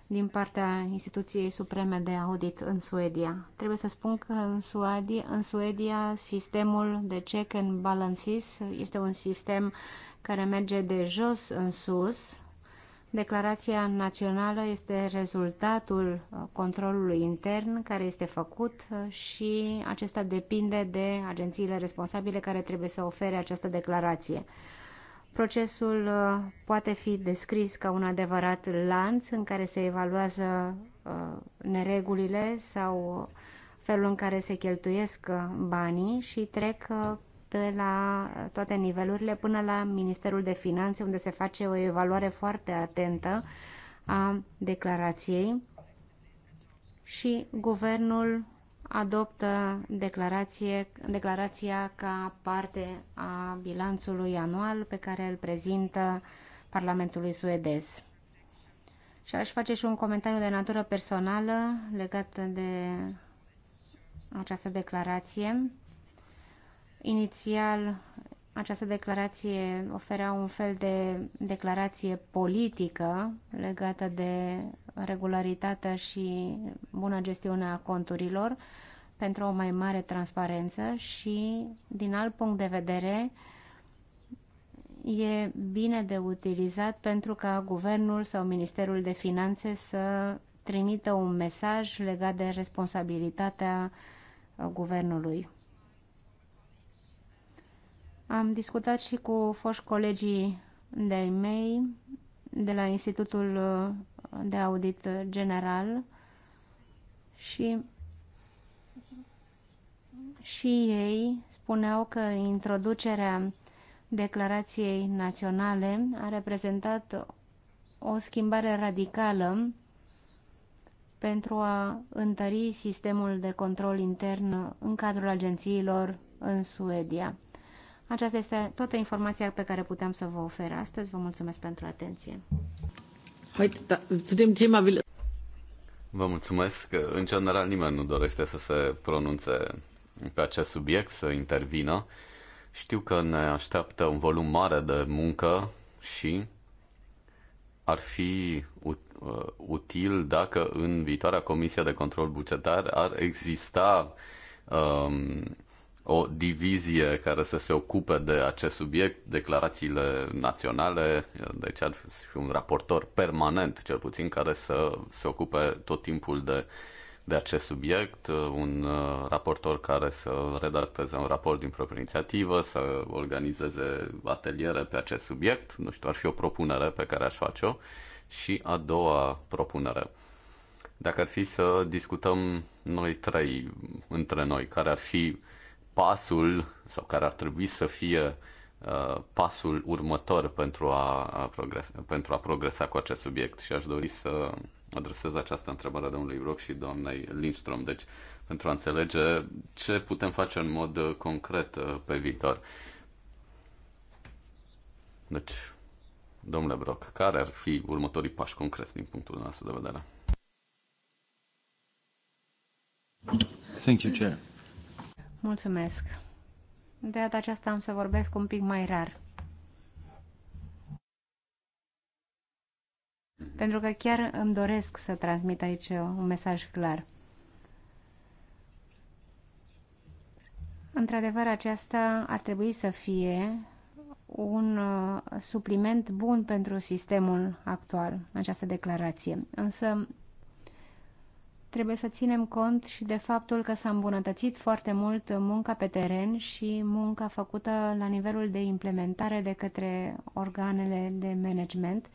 din partea Instituției Supreme de Audit în Suedia. Trebuie să spun că în Suedia, în Suedia sistemul de check and balances este un sistem care merge de jos în sus, Declarația națională este rezultatul uh, controlului intern care este făcut uh, și acesta depinde de agențiile responsabile care trebuie să ofere această declarație. Procesul uh, poate fi descris ca un adevărat lanț în care se evaluează neregulile sau felul în care se cheltuiesc banii și trec pe la toate nivelurile până la Ministerul de Finanțe, unde se face o evaluare foarte atentă a declarației și guvernul adoptă declarație, declarația ca parte a bilanțului anual pe care îl prezintă Parlamentului suedez. Și aș face și un comentariu de natură personală legat de această declarație. Inițial, această declarație oferea un fel de declarație politică legată de regularitatea și bună gestiune a conturilor pentru o mai mare transparență și, din alt punct de vedere, e bine de utilizat pentru ca guvernul sau Ministerul de Finanțe să trimită un mesaj legat de responsabilitatea guvernului. Am discutat și cu foști colegii de mei de la Institutul uh, de Audit General și și ei spuneau că introducerea declarației naționale a reprezentat o schimbare radicală pentru a întări sistemul de control intern în cadrul agențiilor în Suedia. Aceasta este toată informația pe care putem să vă ofer astăzi. Vă mulțumesc pentru atenție. Păi, da, vă mulțumesc. În general, nimeni nu dorește să se pronunțe pe acest subiect, să intervină. Știu că ne așteaptă un volum mare de muncă și ar fi uh, util dacă în viitoarea Comisia de Control Bugetar ar exista um, o divizie care să se ocupe de acest subiect, declarațiile naționale, deci ar fi un raportor permanent, cel puțin, care să se ocupe tot timpul de, de acest subiect, un uh, raportor care să redacteze un raport din proprie inițiativă, să organizeze ateliere pe acest subiect, nu știu, ar fi o propunere pe care aș face-o. Și a doua propunere, dacă ar fi să discutăm noi trei între noi, care ar fi uh, pasul sau care ar trebui să fie uh, pasul următor pentru a, a progresa, pentru a progresa cu acest subiect și aș dori să adresez această întrebare domnului Brock și doamnei Lindstrom, deci pentru a înțelege ce putem face în mod uh, concret uh, pe viitor. Deci, domnule Brock, care ar fi următorii pași concreți din punctul nostru de vedere? Thank you, Chair. Mulțumesc. De data aceasta am să vorbesc un pic mai rar. Pentru că chiar îmi doresc să transmit aici un mesaj clar. Într-adevăr, aceasta ar trebui să fie un uh, supliment bun pentru sistemul actual, această declarație. Însă trebuie să ținem cont și de faptul că s-a îmbunătățit foarte mult munca pe teren și munca făcută la nivelul de implementare de către organele de management,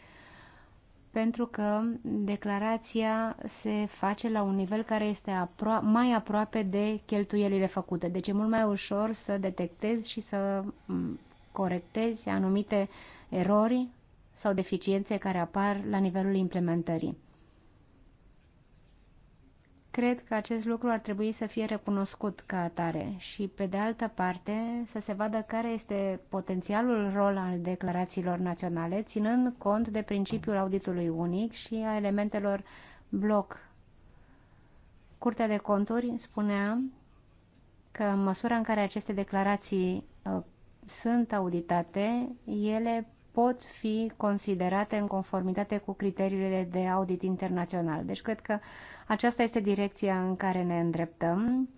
pentru că declarația se face la un nivel care este apro mai aproape de cheltuielile făcute. Deci e mult mai ușor să detectezi și să corectezi anumite erori sau deficiențe care apar la nivelul implementării. Cred că acest lucru ar trebui să fie recunoscut ca atare și, pe de altă parte, să se vadă care este potențialul rol al declarațiilor naționale, ținând cont de principiul auditului unic și a elementelor bloc. Curtea de conturi spunea că în măsura în care aceste declarații uh, sunt auditate, ele pot fi considerate în conformitate cu criteriile de audit internațional. Deci cred că aceasta este direcția în care ne îndreptăm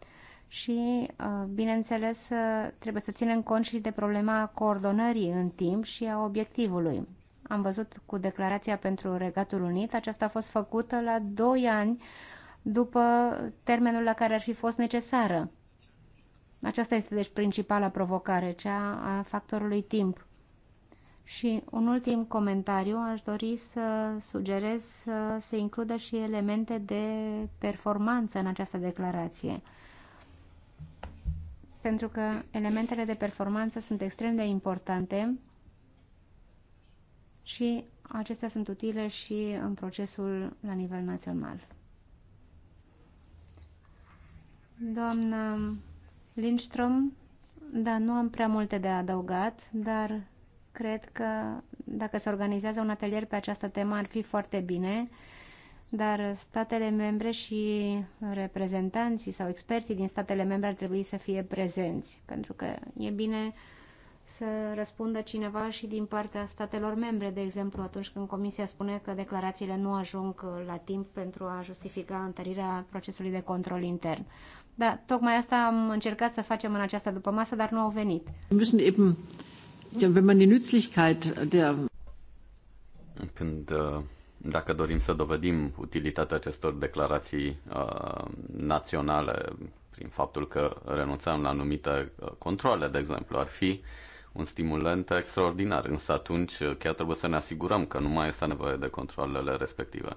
și, uh, bineînțeles, uh, trebuie să ținem cont și de problema coordonării în timp și a obiectivului. Am văzut cu declarația pentru Regatul Unit, aceasta a fost făcută la 2 ani după termenul la care ar fi fost necesară. Aceasta este, deci, principala provocare, cea a factorului timp. Și un ultim comentariu, aș dori să sugerez să se includă și elemente de performanță în această declarație. Pentru că elementele de performanță sunt extrem de importante și acestea sunt utile și în procesul la nivel național. Doamna Lindström, da, nu am prea multe de adăugat, dar cred că dacă se organizează un atelier pe această temă ar fi foarte bine, dar statele membre și reprezentanții sau experții din statele membre ar trebui să fie prezenți, pentru că e bine să răspundă cineva și din partea statelor membre, de exemplu, atunci când Comisia spune că declarațiile nu ajung la timp pentru a justifica întărirea procesului de control intern. Da, tocmai asta am încercat să facem în această dupămasă, dar nu au venit. Wenn man die Nützlichkeit der Când, uh, dacă dorim să dovedim utilitatea acestor declarații uh, naționale prin faptul că renunțăm la anumite uh, controle, de exemplu, ar fi un stimulant extraordinar, însă atunci uh, chiar trebuie să ne asigurăm că nu mai este nevoie de controlele respective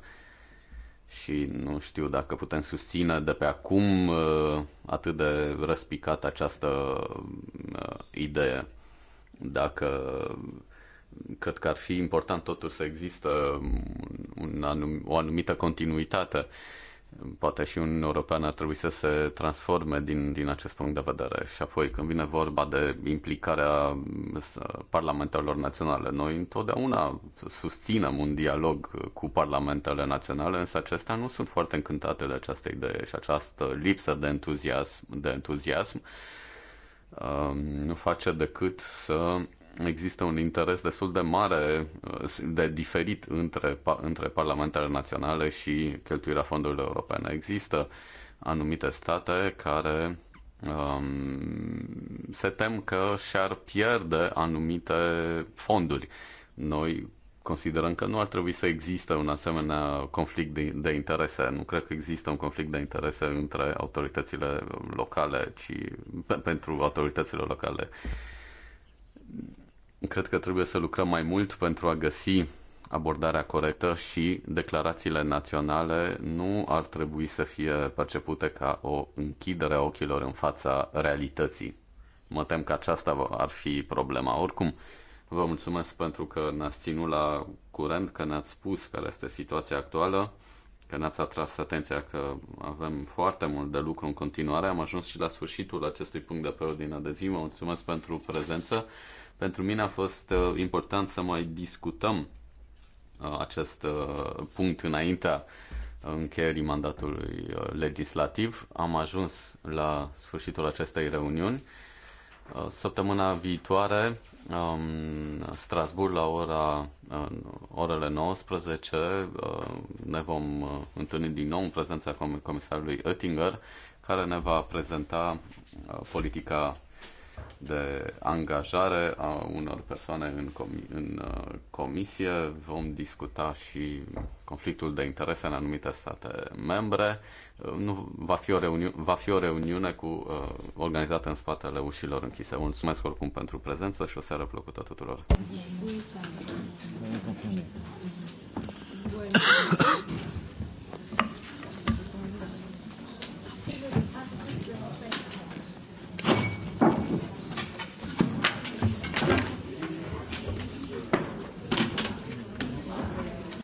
și nu știu dacă putem susține de pe acum atât de răspicat această idee dacă cred că ar fi important totuși să există un anum, o anumită continuitate. Poate și un european ar trebui să se transforme din, din acest punct de vedere. Și apoi, când vine vorba de implicarea parlamentelor naționale, noi întotdeauna susținem un dialog cu parlamentele naționale, însă acestea nu sunt foarte încântate de această idee și această lipsă de entuziasm. De entuziasm nu face decât să există un interes destul de mare, de diferit între, între parlamentele naționale și cheltuirea fondurilor europene. Există anumite state care um, se tem că și-ar pierde anumite fonduri. Noi considerăm că nu ar trebui să existe un asemenea conflict de, de interese. Nu cred că există un conflict de interese între autoritățile locale, ci pe, pentru autoritățile locale. Cred că trebuie să lucrăm mai mult pentru a găsi abordarea corectă și declarațiile naționale nu ar trebui să fie percepute ca o închidere a ochilor în fața realității. Mă tem că aceasta ar fi problema. Oricum, Vă mulțumesc pentru că ne-ați ținut la curent, că ne-ați spus care este situația actuală, că ne-ați atras atenția că avem foarte mult de lucru în continuare. Am ajuns și la sfârșitul acestui punct de pe ordinea de zi. Vă mulțumesc pentru prezență. Pentru mine a fost uh, important să mai discutăm uh, acest uh, punct înaintea încheierii mandatului legislativ. Am ajuns la sfârșitul acestei reuniuni. Uh, săptămâna viitoare, um, Strasbourg la ora, orele 19, uh, ne vom uh, întâlni din nou în prezența comisarului Oettinger, care ne va prezenta politica de angajare a unor persoane în, com- în uh, comisie. Vom discuta și conflictul de interese în anumite state membre. Uh, nu va fi o, reuni- va fi o reuniune cu, uh, organizată în spatele ușilor închise. Mulțumesc oricum pentru prezență și o seară plăcută tuturor. Bueno.